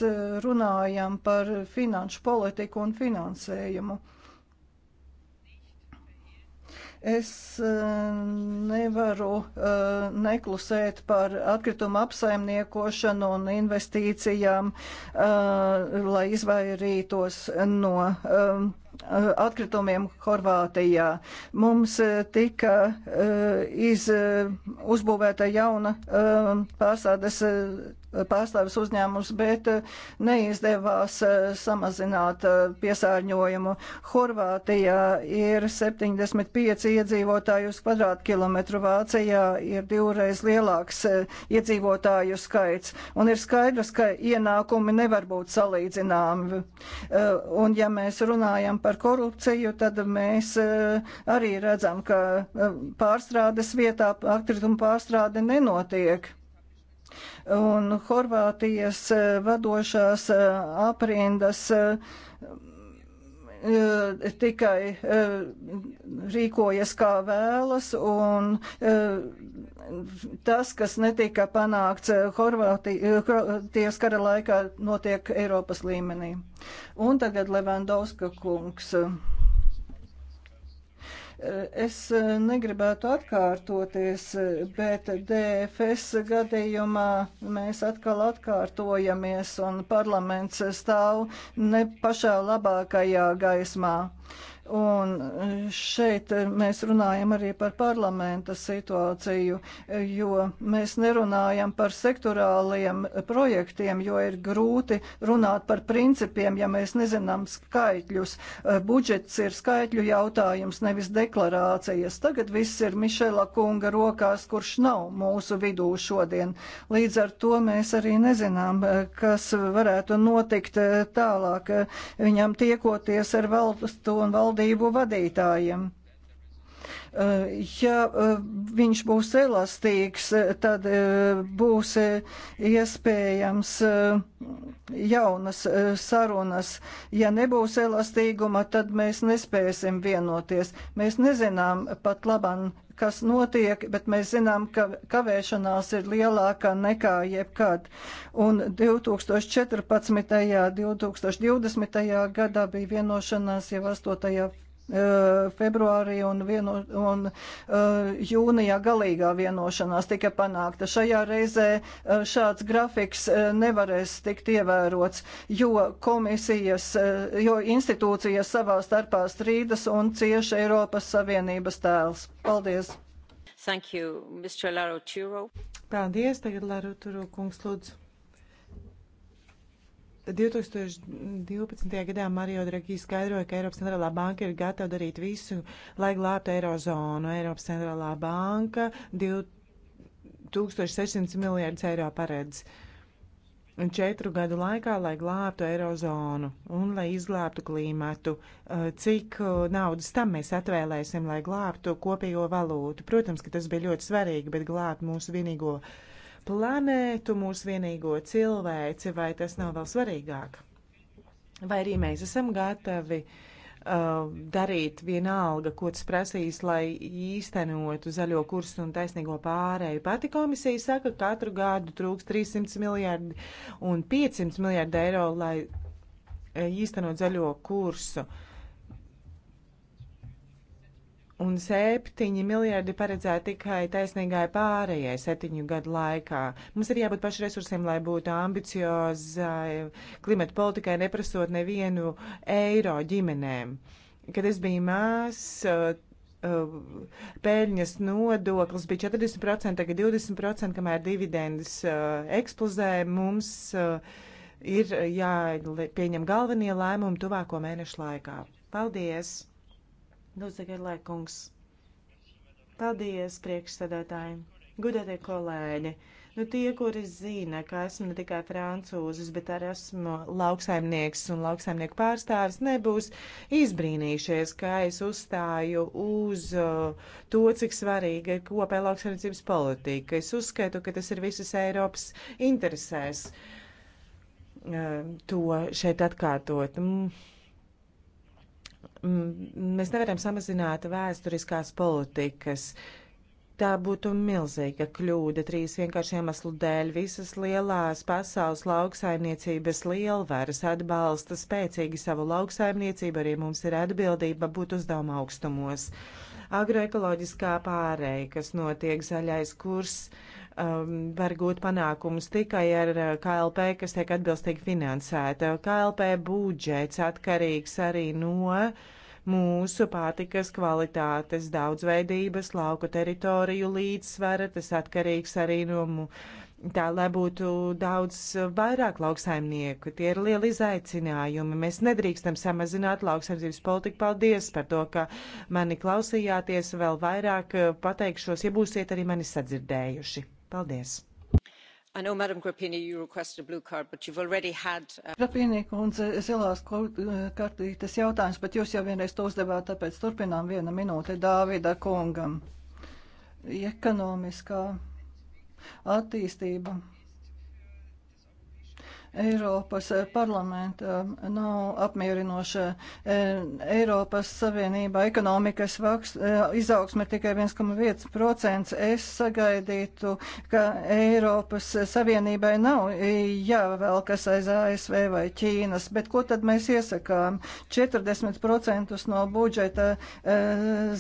runājam par finanšu politiku un finansējumu Es eh, nevaru eh, neklusēt par atkritumu apsaimniekošanu un investīcijām, eh, lai izvairītos no Eh, atkritumiem Horvātijā. Mums eh, tika eh, iz, uzbūvēta jauna pārstādes pārstāvis uzņēmums, bet neizdevās samazināt piesārņojumu. Horvātijā ir 75 iedzīvotāju uz kvadrātkilometru, Vācijā ir divreiz lielāks iedzīvotāju skaits, un ir skaidrs, ka ienākumi nevar būt salīdzināmi. Un ja mēs runājam par par korupciju, tad mēs eh, arī redzam, ka eh, pārstrādes vietā atkritumu pārstrāde nenotiek. Un Horvātijas eh, vadošās aprindas tikai rīkojas kā vēlas un tas, kas netika panākts eh, Horvātijas eh, kara laikā, notiek Eiropas līmenī. Un tagad Levandovska kungs. Eh, es negribētu atkārtoties, bet DFS gadījumā mēs atkal atkārtojamies un parlaments stāv ne pašā labākajā gaismā. Un šeit mēs runājam arī par parlamenta situāciju, jo mēs nerunājam par sektorāliem projektiem, jo ir grūti runāt par principiem, ja mēs nezinām skaitļus. Budžets ir skaitļu jautājums, nevis deklarācijas. Tagad viss ir Mišela kunga rokās, kurš nav mūsu vidū šodien. Līdz ar to mēs arī nezinām, kas varētu notikt tālāk viņam tiekoties ar valstu un valdību valdību vadītājiem. Ja e, viņš būs elastīgs, e, tad e, būs iespējams jaunas sarunas. Ja nebūs elastīguma, tad mēs nespēsim vienoties. Mēs nezinām pat labam, kas notiek, bet mēs zinām, ka kavēšanās ir lielāka nekā jebkad. Un 2014. un 2020. gadā bija vienošanās jau 8. Eh, februārī un, vieno, un eh, jūnijā galīgā vienošanās tika panākta. Šajā reizē eh, šāds grafiks nevarēs tikt ievērots, jo komisijas, jo institūcijas savā starpā strīdas un cieši Eiropas Savienības tēls. Paldies! Thank you, Mr. Laro Turo. Paldies, tagad Laro Turo kungs lūdzu. 2012. gadā Mario Draghi skaidroja, ka Eiropas centrālā banka ir gatava darīt visu, lai glābtu eirozonu. Eiropas centrālā banka 2600 miljardus eiro paredz četru gadu laikā, lai glābtu eirozonu un lai izglābtu klimatu. Eh, cik eh, naudas tam mēs atvēlēsim, lai glābtu kopējo valūtu? Protams, ka tas bija ļoti svarīgi, bet glābt mūsu vienīgo valūtu planētu, mūsu vienīgo cilvēci, vai tas nav vēl svarīgāk? Vai arī mēs esam gatavi uh, darīt vienalga, ko tas prasīs, lai īstenotu zaļo kursu un taisnīgo pārēju. Pati komisija saka, ka katru gadu trūks 300 miljārdi un 500 miljārdi eiro, lai uh, īstenot zaļo kursu. Uh, un 7 miljardi paredzēti tikai taisnīgai pārējai septiņu gadu laikā. Mums ir jābūt pašu resursiem, lai būtu ambiciozai klimata politikai, neprasot nevienu eiro ģimenēm. Kad es biju mās, uh, uh, pēļņas nodoklis bija 40%, tagad 20%, kamēr dividendes uh, eksplozē, mums ir jāpieņem galvenie lēmumi tuvāko mēnešu laikā. Paldies! Lūdzegarlēkungs. Nu, Paldies, priekšsēdētāji, gudētie kolēģi. Nu, tie, kuri zina, ka esmu ne tikai francūzis, bet arī esmu lauksaimnieks un lauksaimnieku pārstāvis, nebūs izbrīnījušies, ka es uzstāju uz uh, to, cik svarīga ir kopēja lauksaimniecības politika. Es uzskaitu, ka tas ir visas Eiropas interesēs uh, to šeit atkārtot. Mm Mm, mēs nevaram samazināt vēsturiskās politikas. Tā būtu milzīga kļūda trīs vienkārši iemeslu dēļ. Visas lielās pasaules lauksaimniecības lielvaras atbalsta spēcīgi savu lauksaimniecību, arī mums ir atbildība būt uzdevuma augstumos. Agroekoloģiskā pārēja, kas notiek zaļais kurs, uh, um, var gūt panākumus tikai ar uh, KLP, kas tiek atbilstīgi finansēta. KLP budžets atkarīgs arī no mūsu pārtikas kvalitātes, daudzveidības, lauku teritoriju līdzsvara, tas atkarīgs arī no mūsu. Tā, lai būtu daudz vairāk lauksaimnieku, tie ir lieli izaicinājumi. Mēs nedrīkstam samazināt lauksaimniecības politiku. Paldies par to, ka mani klausījāties. Vēl vairāk uh, pateikšos, ja būsiet arī mani sadzirdējuši. Paldies! Know, Grappini, card, had, uh... Grappini kundze, zilās uh, kartītes jautājums, bet jūs jau vienreiz to uzdevāt, tāpēc turpinām viena minūte Dāvida kungam. Ekonomiskā attīstība Eiropas parlamenta nav apmierinoša. E, Eiropas Savienībā ekonomikas vaks, e, izaugsme ir tikai 1,1%. Es sagaidītu, ka Eiropas Savienībai nav jāvēl kas aiz ASV vai Ķīnas, bet ko tad mēs iesakām? 40% no budžeta e,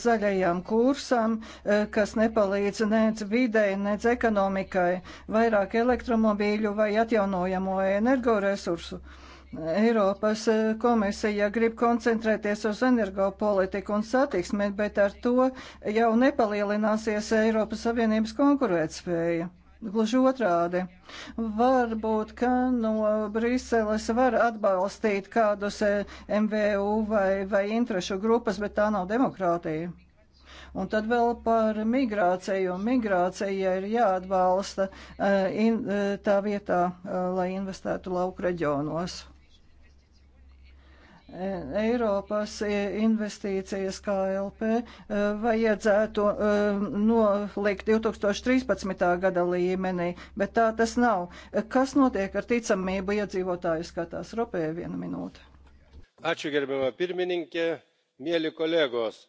zaļajām kursām, kas nepalīdz nec videi, nec ekonomikai, vairāk elektromobīļu vai atjaunojamo enerģiju energoresursu. Eiropas eh, komisija grib koncentrēties uz energopolitiku un satiksmi, bet ar to jau nepalielināsies Eiropas Savienības konkurētspēja. Gluži otrādi. Varbūt, ka no Briseles var atbalstīt kādus eh, MVU vai, vai interešu grupas, bet tā nav demokrātija. Un tad vēl par migrāciju. Migrācija ir jāatbalsta eh, in, eh, tā vietā, eh, lai investētu lauku reģionos. Eiropas investīcijas KLP vajadzētu nolikt 2013. gada līmenī, bet tā tas nav. Kas notiek ar ticamību iedzīvotāju skatās? Ropē viena minūte. Ačiū, gerbama pirmininkė, mėly kolegos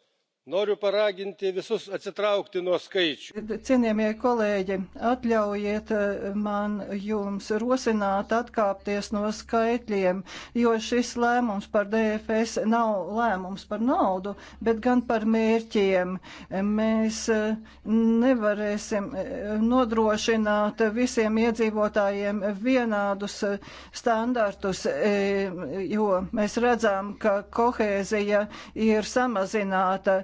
noriu paraginti visus atsitraukti nuo skaičių. Cienījamie kolēģi, atļaujiet eh, man jums rosināt atkāpties no skaitļiem, jo šis lēmums par DFS nav lēmums par naudu, bet gan par mērķiem. Mēs eh, nevarēsim eh, nodrošināt visiem iedzīvotājiem vienādus standartus, jo mēs redzam, ka kohēzija ir samazināta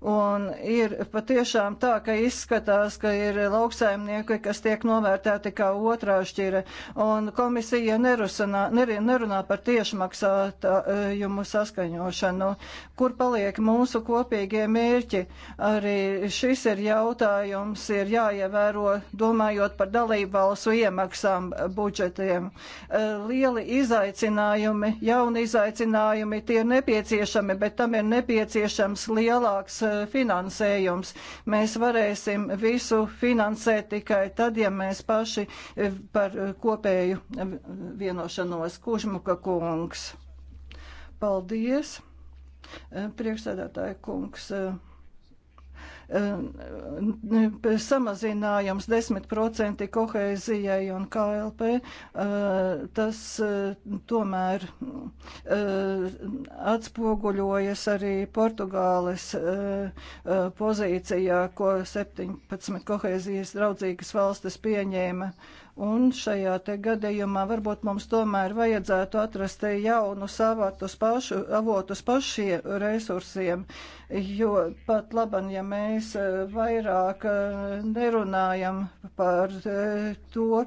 Un ir patiešām tā, ka izskatās, ka ir lauksaimnieki, kas tiek novērtēti kā otrā šķira. Un komisija nerusanā, ner, nerunā par tiešmaksājumu saskaņošanu. Kur paliek mūsu kopīgie mērķi? Arī šis ir jautājums, ir jāievēro, domājot par dalību valstu iemaksām budžetiem. E, lieli izaicinājumi, jauni izaicinājumi, tie ir nepieciešami, bet tam ir nepieciešams lielāks Eh, finansējums. Mēs varēsim visu finansēt tikai tad, ja mēs paši eh, par eh, kopēju vienošanos. Kužmuka kungs. Paldies, priekšsēdētāja kungs. Ehm, ehm, samazinājums 10% kohēzijai un KLP, ehm, tas tomēr atspoguļojas arī Portugāles pozīcijā, ko 17 kohēzijas draudzīgas valstis pieņēma. Un šajā te gadījumā varbūt mums tomēr vajadzētu atrast jaunus avotus, pašu, avotus pašiem resursiem, jo pat laban, ja mēs e, vairāk e, nerunājam par e, to,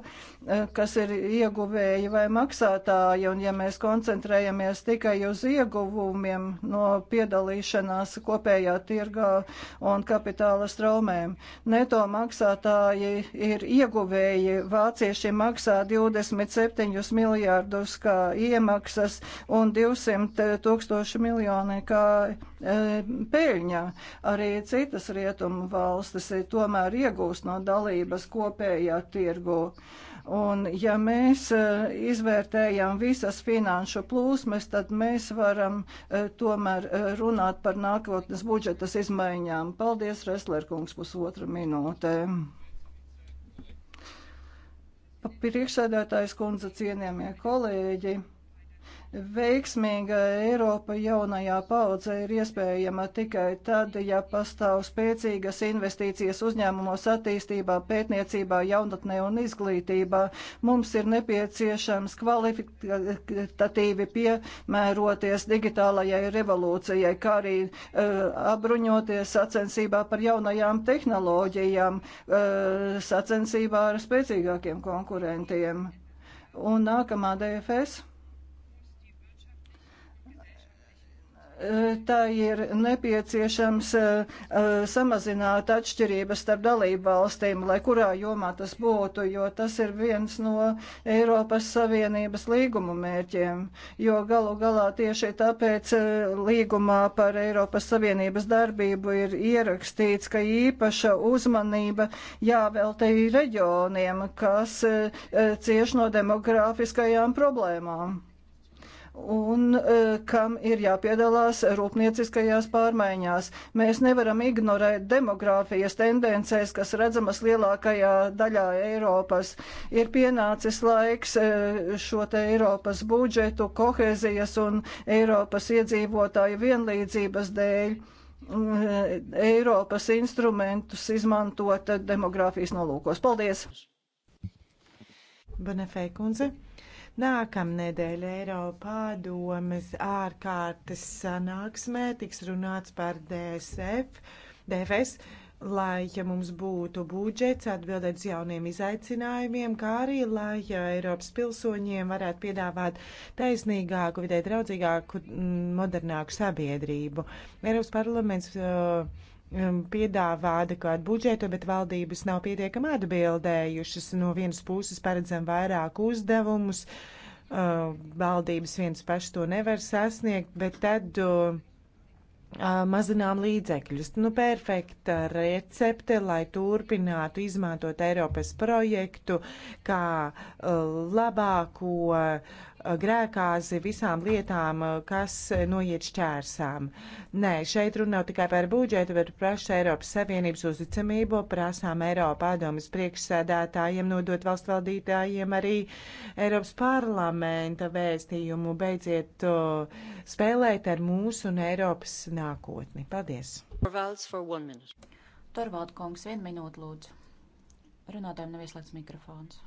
kas ir ieguvēji vai maksātāji, un ja mēs koncentrējamies tikai uz ieguvumiem no piedalīšanās kopējā tirgā un kapitāla straumēm, neto maksātāji ir ieguvēji Vācijā vācieši maksā 27 miljārdus kā iemaksas un 200 eh, tūkstoši miljoni kā e, eh, peļņa. Arī citas rietumu valstis tomēr iegūst no dalības kopējā tirgu. Un, ja mēs eh, izvērtējam visas finanšu plūsmas, tad mēs varam tomēr runāt par nākotnes budžetas izmaiņām. Paldies, Reslerkungs, pusotra minūte. Priekšsēdētājs kundze, cienījamie kolēģi! Veiksmīga Eiropa jaunajā paudze ir iespējama tikai tad, ja pastāv spēcīgas investīcijas uzņēmumos attīstībā, pētniecībā, jaunatnē un izglītībā. Mums ir nepieciešams kvalifikatīvi piemēroties digitālajai revolūcijai, kā arī uh, apbruņoties sacensībā par jaunajām tehnoloģijām, uh, sacensībā ar spēcīgākiem konkurentiem. Un nākamā DFS tā ir nepieciešams eh, samazināt atšķirības starp dalību valstīm, lai kurā jomā tas būtu, jo tas ir viens no Eiropas Savienības līgumu mērķiem, jo galu galā tieši tāpēc eh, līgumā par Eiropas Savienības darbību ir ierakstīts, ka īpaša uzmanība jāveltī reģioniem, kas eh, cieš no demografiskajām problēmām un e, kam ir jāpiedalās rūpnieciskajās pārmaiņās. Mēs nevaram ignorēt demogrāfijas tendencēs, kas redzamas lielākajā daļā Eiropas. Ir pienācis laiks e, šo te Eiropas budžetu, kohēzijas un Eiropas iedzīvotāju vienlīdzības dēļ. E, Eiropas instrumentus izmantot demogrāfijas nolūkos. Paldies! Benefēkundze. Nākamnedēļ Eiropādomes ārkārtas sanāksmē tiks runāts par DSF, DFS, lai ja mums būtu budžets atbildēt uz jauniem izaicinājumiem, kā arī lai ja Eiropas pilsoņiem varētu piedāvāt taisnīgāku, vidē draudzīgāku, modernāku sabiedrību. Eiropas parlaments uh, Um, piedāvā adekvātu budžetu, bet valdības nav pietiekami atbildējušas. No vienas puses paredzam vairāk uzdevumus, uh, valdības viens paši to nevar sasniegt, bet tad uh, uh, mazinām līdzekļus. Nu, perfekta recepte, lai turpinātu izmantot Eiropas projektu kā labāko uh, grēkāzi visām lietām, kas noiet šķērsām. Nē, šeit runa nav tikai par budžetu, bet prasu Eiropas Savienības uzticamību, prasām Eiropā domas priekšsēdētājiem, nodot valstu valdītājiem arī Eiropas parlamenta vēstījumu, beidziet uh, spēlēt ar mūsu un Eiropas nākotni. Paldies! Torvalds kungs, vienu minūtu lūdzu. Runātājiem nav ieslēgts mikrofons.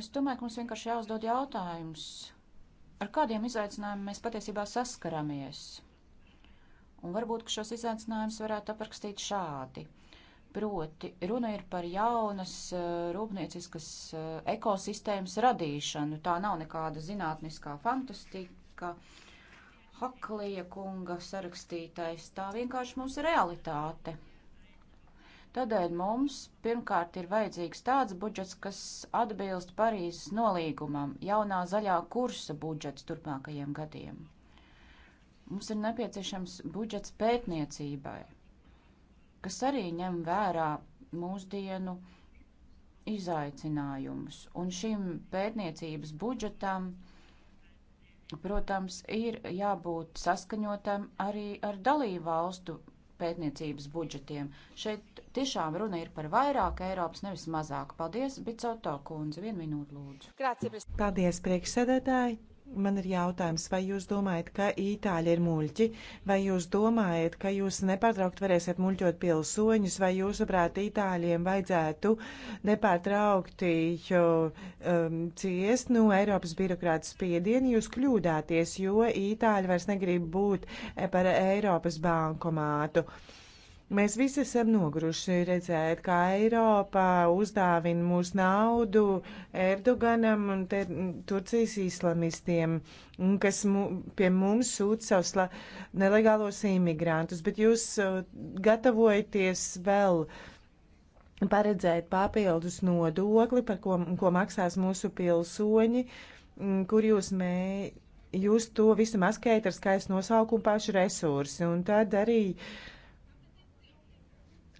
Es domāju, ka mums vienkārši jāuzdod jautājums, ar kādiem izaicinājumiem mēs patiesībā saskaramies. Un varbūt, ka šos izaicinājumus varētu aprakstīt šādi. Proti, runa ir par jaunas eh, rūpnieciskas eh, ekosistēmas radīšanu. Tā nav nekāda zinātniskā fantastika, Haklija kunga sarakstītais. Tā vienkārši mums ir realitāte. Tādēļ mums pirmkārt ir vajadzīgs tāds budžets, kas atbilst Parīzes nolīgumam, jaunā zaļā kursa budžets turpmākajiem gadiem. Mums ir nepieciešams budžets pētniecībai, kas arī ņem vērā mūsdienu izaicinājumus. Un šim pētniecības budžetam, protams, ir jābūt saskaņotam arī ar dalību valstu pētniecības budžetiem. Šeit tiešām runa ir par vairāk Eiropas, nevis mazāk. Paldies, Bicoto kundze, vienu minūtu lūdzu. Paldies, priekšsēdētāji! Man ir jautājums, vai jūs domājat, ka itāļi ir muļķi, vai jūs domājat, ka jūs nepārtraukt varēsiet muļķot pilsoņus, vai jūsuprāt, itāļiem vajadzētu nepārtraukti jo, um, ciest no nu, Eiropas birokrātas spiedienu? Jūs kļūdāties, jo itāļi vairs negrib būt par Eiropas bankomātu. Uh, Mēs visi esam noguruši redzēt, kā Eiropā uzdāvina mūsu naudu Erdoganam un te, Turcijas islamistiem, kas mu, pie mums sūta savus la, nelegālos imigrantus, bet jūs uh, gatavojaties vēl paredzēt papildus nodokli, par ko, ko maksās mūsu pilsoņi, mm, kur jūs mē, jūs to visu maskējat ar skaistu nosaukumu pašu resursi, un tad arī uh,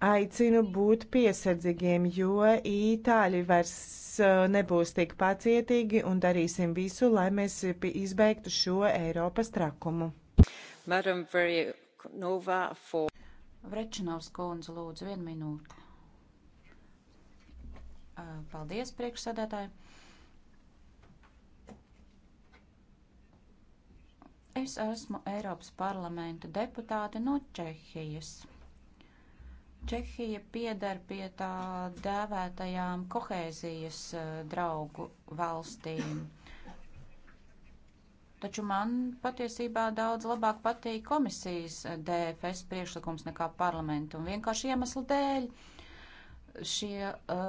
aicinu būt piesardzīgiem, jo itāļi vairs uh, nebūs tik pacietīgi un darīsim visu, lai mēs izbeigtu šo Eiropas trakumu. For... Vrečinovs kundze, lūdzu, vienu minūti. Uh, paldies, priekšsēdētāji. Es esmu Eiropas parlamenta deputāte no Čehijas. Čehija piedar pie tā dēvētajām kohēzijas eh, draugu valstīm. Taču man patiesībā daudz labāk patīk komisijas DFS priekšlikums nekā parlamentu un vienkārši iemeslu dēļ šie uh,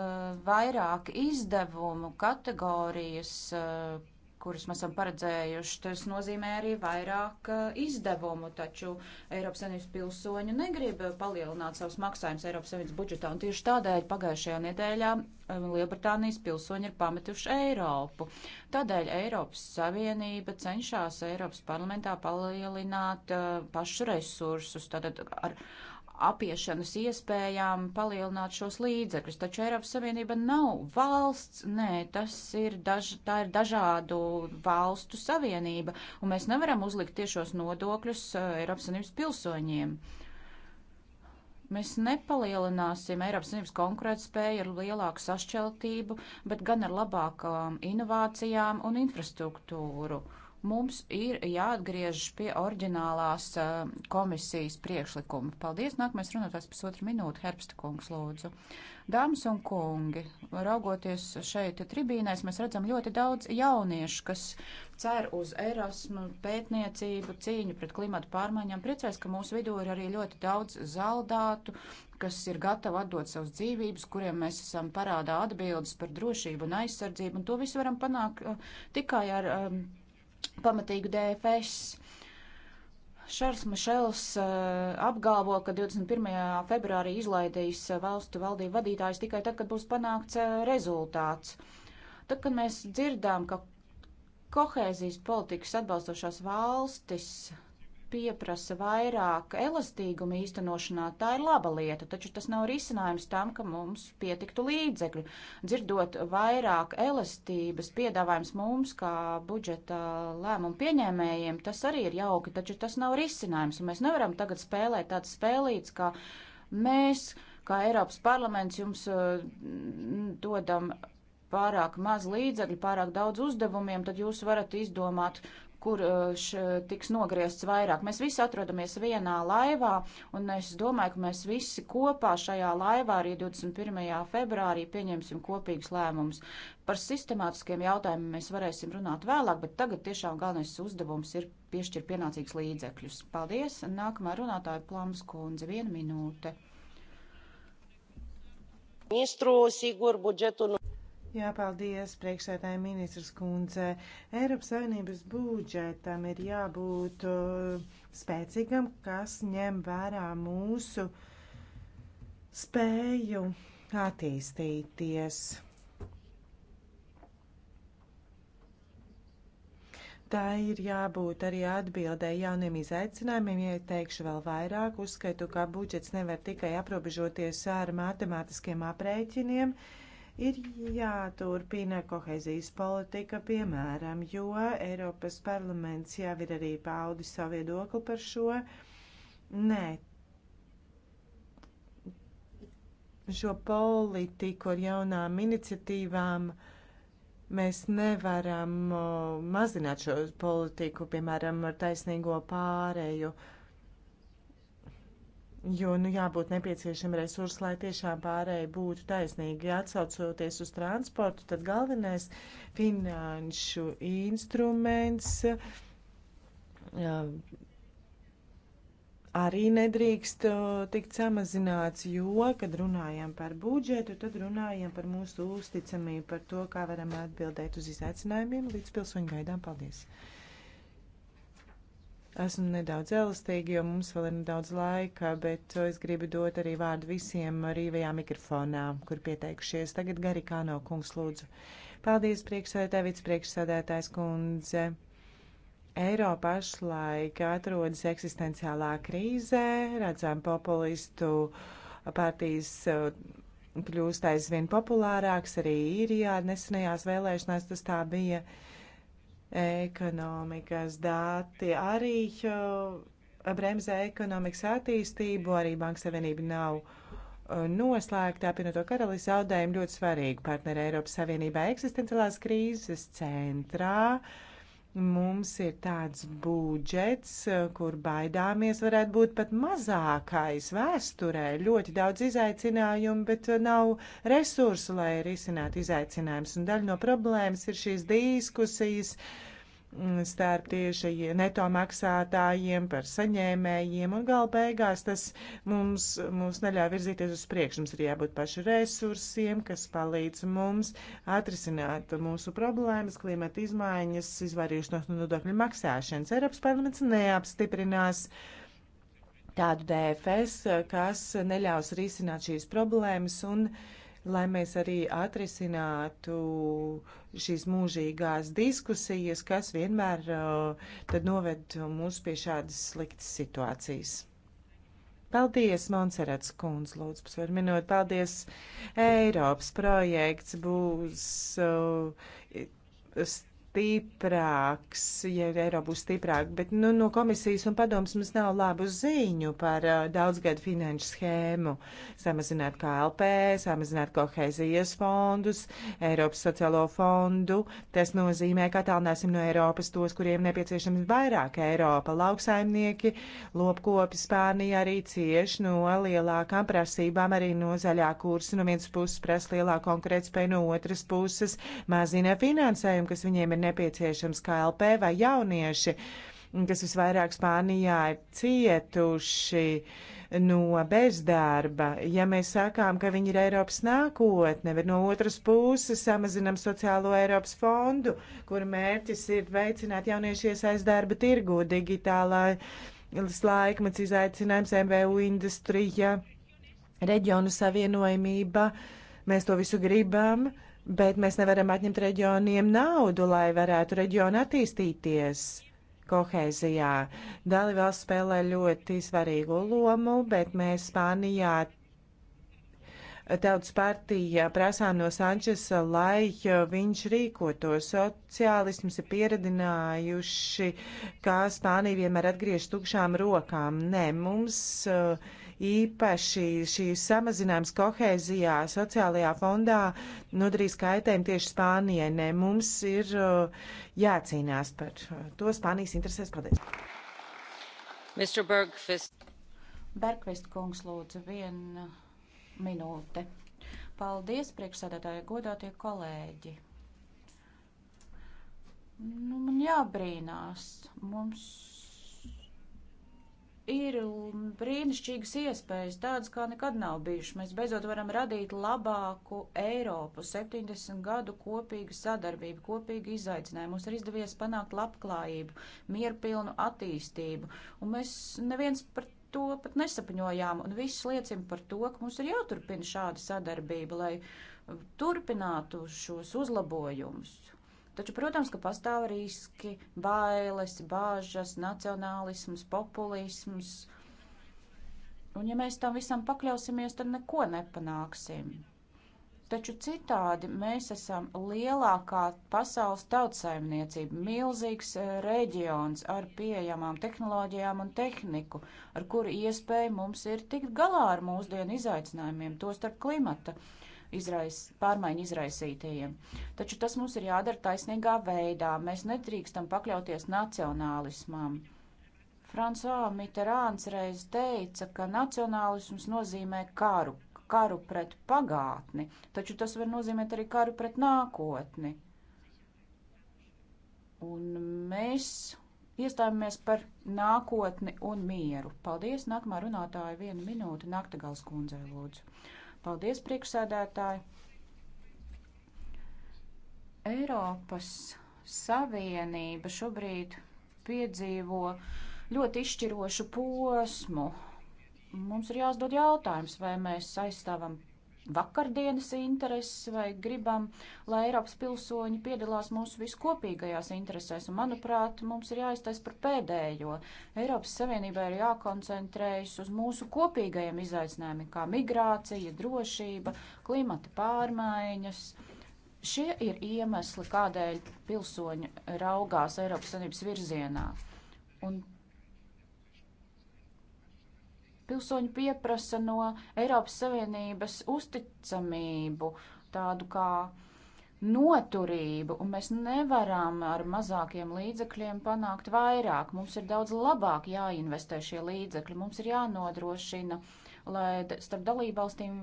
vairāk izdevumu kategorijas uh, kurus mēs esam paredzējuši. Tas nozīmē arī vairāk uh, izdevumu, taču Eiropas Savienības pilsoņu negrib uh, palielināt savus maksājumus Eiropas Savienības budžetā, un tieši tādēļ pagājušajā nedēļā um, Lielbritānijas pilsoņi ir pametuši Eiropu. Tādēļ Eiropas Savienība cenšas Eiropas parlamentā palielināt uh, pašu resursus, tātad ar apiešanas iespējām palielināt šos līdzekļus. Taču Eiropas Savienība nav valsts, nē, tas ir, daž, tā ir dažādu valstu savienība, un mēs nevaram uzlikt tiešos nodokļus uh, Eiropas Savienības pilsoņiem. Mēs nepalielināsim Eiropas Savienības konkurētspēju ar lielāku sašķeltību, bet gan ar labākām inovācijām un infrastruktūru. Uh, Mums ir jāatgriežas pie oriģinālās uh, komisijas priekšlikuma. Paldies, nākamais runātājs pusotru minūtu, Herbsta kungs, lūdzu. Dāmas un kungi, raugoties šeit tribīnēs, mēs redzam ļoti daudz jauniešu, kas cer uz Erasmu, pētniecību, cīņu pret klimatu pārmaiņām. Priecājos, ka mūsu vidū ir arī ļoti daudz zaldātu, kas ir gatavi atdot savus dzīvības, kuriem mēs esam parādā atbildes par drošību un aizsardzību, un to visu varam panākt tikai ar. Um, pamatīgu DFS. Šārs Mišels eh, apgalvo, ka 21. februārī izlaidīs eh, valstu valdību vadītājus tikai tad, kad būs panākts eh, rezultāts. Tad, kad mēs dzirdām, ka kohēzijas politikas atbalstošās valstis pieprasa vairāk elastīguma īstenošanā, tā ir laba lieta, taču tas nav risinājums tam, ka mums pietiktu līdzekļu. Dzirdot vairāk elastības piedāvājums mums, kā budžeta lēmumu pieņēmējiem, tas arī ir jauki, taču tas nav risinājums, un mēs nevaram tagad spēlēt tādas spēlītas, kā mēs, kā Eiropas parlaments, jums uh, dodam pārāk maz līdzekļu, pārāk daudz uzdevumiem, tad jūs varat izdomāt kur uh, š, tiks nogriezts vairāk. Mēs visi atrodamies vienā laivā, un es domāju, ka mēs visi kopā šajā laivā arī 21. februārī pieņemsim kopīgus lēmumus. Par sistemātiskiem jautājumiem mēs varēsim runāt vēlāk, bet tagad tiešām galvenais uzdevums ir piešķirt pienācīgs līdzekļus. Paldies! Nākamā runātāja Plams kundze, viena minūte. Ministru, sigur, budžetu. Jā, paldies, priekšsētāja ministrs kundze. Eiropas Savienības būdžetam ir jābūt uh, spēcīgam, kas ņem vērā mūsu spēju attīstīties. Tā ir jābūt arī atbildē jauniem izaicinājumiem, ja teikšu vēl vairāk, uzskaitu, ka budžets nevar tikai aprobežoties ar matemātiskiem aprēķiniem, uh, Ir jāturpina kohezijas politika, piemēram, jo Eiropas parlaments jau ir arī paudis savu viedokli par šo. Nē, šo politiku ar jaunām iniciatīvām mēs nevaram mazināt šo politiku, piemēram, ar taisnīgo pārēju. Uh, jo nu, jābūt nepieciešam resursi, lai tiešām pārēji būtu taisnīgi. Atsaucoties uz transportu, tad galvenais finanšu instruments jā, arī nedrīkst tikt samazināts, jo, kad runājam par budžetu, tad runājam par mūsu uzticamību, par to, kā varam atbildēt uz izaicinājumiem līdz pilsoņu gaidām. Paldies! Esmu nedaudz elastīgi, jo mums vēl ir nedaudz laika, bet es gribu dot arī vārdu visiem rīvajā mikrofonā, kur pieteikušies. Tagad Garikāno kungs lūdzu. Paldies, priekšsēdētāj, vicepriekšsēdētājs kundze. Eiropa pašlaik atrodas eksistenciālā krīzē, redzam populistu partijas eh, kļūst aizvien populārāks, arī īrijā nesenajās vēlēšanās tas tā bija. Uh, ekonomikas dati arī bremzē ekonomikas attīstību, arī Banka Savienība nav uh, noslēgta. Apvienoto karali zaudējumu ļoti svarīgu partneri Eiropas Savienībā eksistenciālās krīzes centrā. Uh, Mums ir tāds budžets, kur baidāmies varētu būt pat mazākais vēsturē. Ļoti daudz izaicinājumu, bet nav resursu, lai risinātu izaicinājumus. Un daļa no problēmas ir šīs diskusijas. Uh, starp tieši neto maksātājiem, par saņēmējiem, un gal beigās tas mums, mums neļauj virzīties uz priekšu. Mums ir jābūt pašu resursiem, kas palīdz mums atrisināt mūsu problēmas, klimata izmaiņas, izvairīšanos no nodokļu maksāšanas. Eiropas parlaments neapstiprinās tādu DFS, kas neļaus risināt šīs problēmas un uh, lai mēs arī atrisinātu šīs mūžīgās diskusijas, kas vienmēr uh, tad noved mūs pie šādas sliktas situācijas. Paldies, Monserats kundz, lūdzu, pusvaru minūti. Paldies, Eiropas projekts būs uh, stiprāks, ja Eiropa būs stiprāka, bet nu, no komisijas un padomas mums nav labu ziņu par uh, daudzgadu finanšu schēmu. Samazināt KLP, samazināt kohēzijas fondus, Eiropas sociālo fondu. Tas nozīmē, ka attālināsim no Eiropas tos, kuriem nepieciešams vairāk Eiropa. Lauksaimnieki, lopkopi Spānija arī cieš no lielākām prasībām, arī no zaļā kursa. No vienas puses prasa lielāku konkurētspēju, no otras puses mazina finansējumu, kas viņiem ir nepieciešams nepieciešams KLP vai jaunieši, kas visvairāk Spānijā ir cietuši no bezdarba. Ja mēs sakām, ka viņi ir Eiropas nākotne, bet no otras puses samazinam sociālo Eiropas fondu, kur mērķis ir veicināt jauniešu iesaist darba tirgu, digitālā laikmets izaicinājums MVU industrija, reģionu savienojumība. Mēs to visu gribam, uh, bet mēs nevaram atņemt reģioniem naudu, lai varētu reģionu attīstīties kohēzijā. Dalībvalsts spēlē ļoti svarīgu lomu, bet mēs Spānijā Tautas partija prasām no Sančesa, lai viņš rīkotos. Sociālisms ir pieredinājuši, kā Spānija vienmēr atgriež tukšām rokām. Nē, mums uh, īpaši šīs samazinājums kohēzijā, sociālajā fondā nodarīs nu, kaitējumu tieši Spānijai. Ne, mums ir uh, jācīnās par uh, to Spānijas interesēs. Paldies! Mr. Bergfist. Bergfist kungs lūdzu vienu minūte. Paldies, priekšsēdētāji, godātie kolēģi. Nu, man jābrīnās. Mums ir um, brīnišķīgas iespējas, tādas kā nekad nav bijušas. Mēs beidzot varam radīt labāku Eiropu, 70 gadu kopīgu sadarbību, kopīgu izaicinājumu. Mums ir izdevies panākt labklājību, mierpilnu attīstību, un mēs neviens par to pat nesapaņojām, un viss liecina par to, ka mums ir jāturpina šāda sadarbība, lai uh, turpinātu šos uzlabojumus. Taču, protams, ka pastāv riski, bailes, bāžas, nacionālisms, populisms. Un ja mēs tam visam pakļausimies, tad neko nepanāksim. Taču citādi mēs esam lielākā pasaules tautsaimniecība, milzīgs eh, reģions ar pieejamām tehnoloģijām un tehniku, ar kuru iespēju mums ir tikt galā ar mūsdienu izaicinājumiem, tostarp klimata izrais, pārmaiņu izraisītajiem. Taču tas mums ir jādara taisnīgā veidā. Mēs nedrīkstam pakļauties nacionālismam. François Mitterāns reiz teica, ka nacionālisms nozīmē karu, karu pret pagātni, taču tas var nozīmēt arī karu pret nākotni. Un mēs iestājāmies par nākotni un mieru. Paldies, nākamā runātāja viena minūte, Naktagals kundzei lūdzu. Paldies, priekšsēdētāji! Eiropas Savienība šobrīd piedzīvo ļoti izšķirošu posmu. Mums ir jāuzdod jautājums, vai mēs aizstāvam vakardienas intereses vai gribam, lai Eiropas pilsoņi piedalās mūsu viskopīgajās interesēs. Un, manuprāt, mums ir jāiztais par pēdējo. Eiropas Savienībā ir jākoncentrējas uz mūsu kopīgajiem izaicinājumiem, kā migrācija, drošība, klimata pārmaiņas. Šie ir iemesli, kādēļ pilsoņi raugās Eiropas Savienības virzienā. Un Pilsoņi pieprasa no Eiropas Savienības uzticamību, tādu kā noturību, un mēs nevaram ar mazākiem līdzekļiem panākt vairāk. Mums ir daudz labāk jāinvestē šie līdzekļi, mums ir jānodrošina, lai starp dalībvalstīm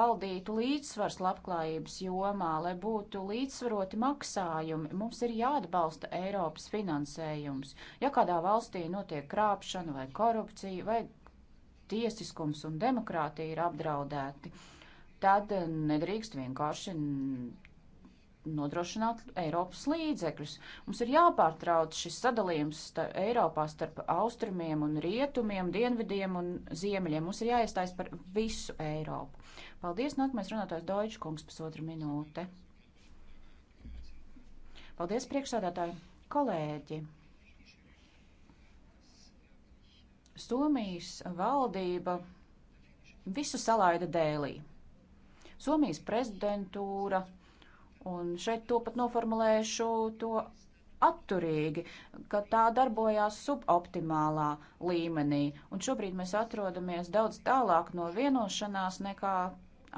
valdītu līdzsvars labklājības jomā, lai būtu līdzsvaroti maksājumi. Mums ir jāatbalsta Eiropas finansējums. Ja kādā valstī notiek krāpšana vai korupcija vai tiesiskums un demokrātija ir apdraudēti, tad nedrīkst vienkārši nodrošināt Eiropas līdzekļus. Mums ir jāpārtrauc šis sadalījums sta Eiropā starp austrumiem un rietumiem, dienvidiem un ziemeļiem. Mums ir jāiestājas par visu Eiropu. Paldies, nākamais runātājs Deutsch kungs, pusotra minūte. Paldies, priekšsādātāji, kolēģi! Somijas valdība visu salaida dēlī. Somijas prezidentūra, un šeit to pat noformulēšu to atturīgi, ka tā darbojās suboptimālā līmenī, un šobrīd mēs atrodamies daudz tālāk no vienošanās nekā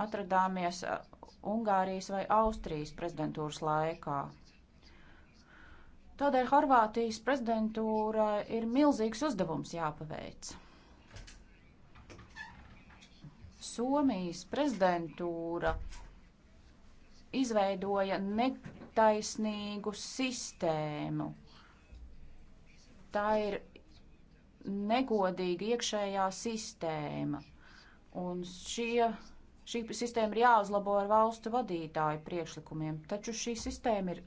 atradāmies Ungārijas vai Austrijas prezidentūras laikā. Tādēļ Horvātijas prezidentūra ir milzīgs uzdevums jāpaveic. Somijas prezidentūra izveidoja netaisnīgu sistēmu. Tā ir negodīga iekšējā sistēma. Un šie, šī sistēma ir jāuzlabo ar valstu vadītāju priekšlikumiem, taču šī sistēma ir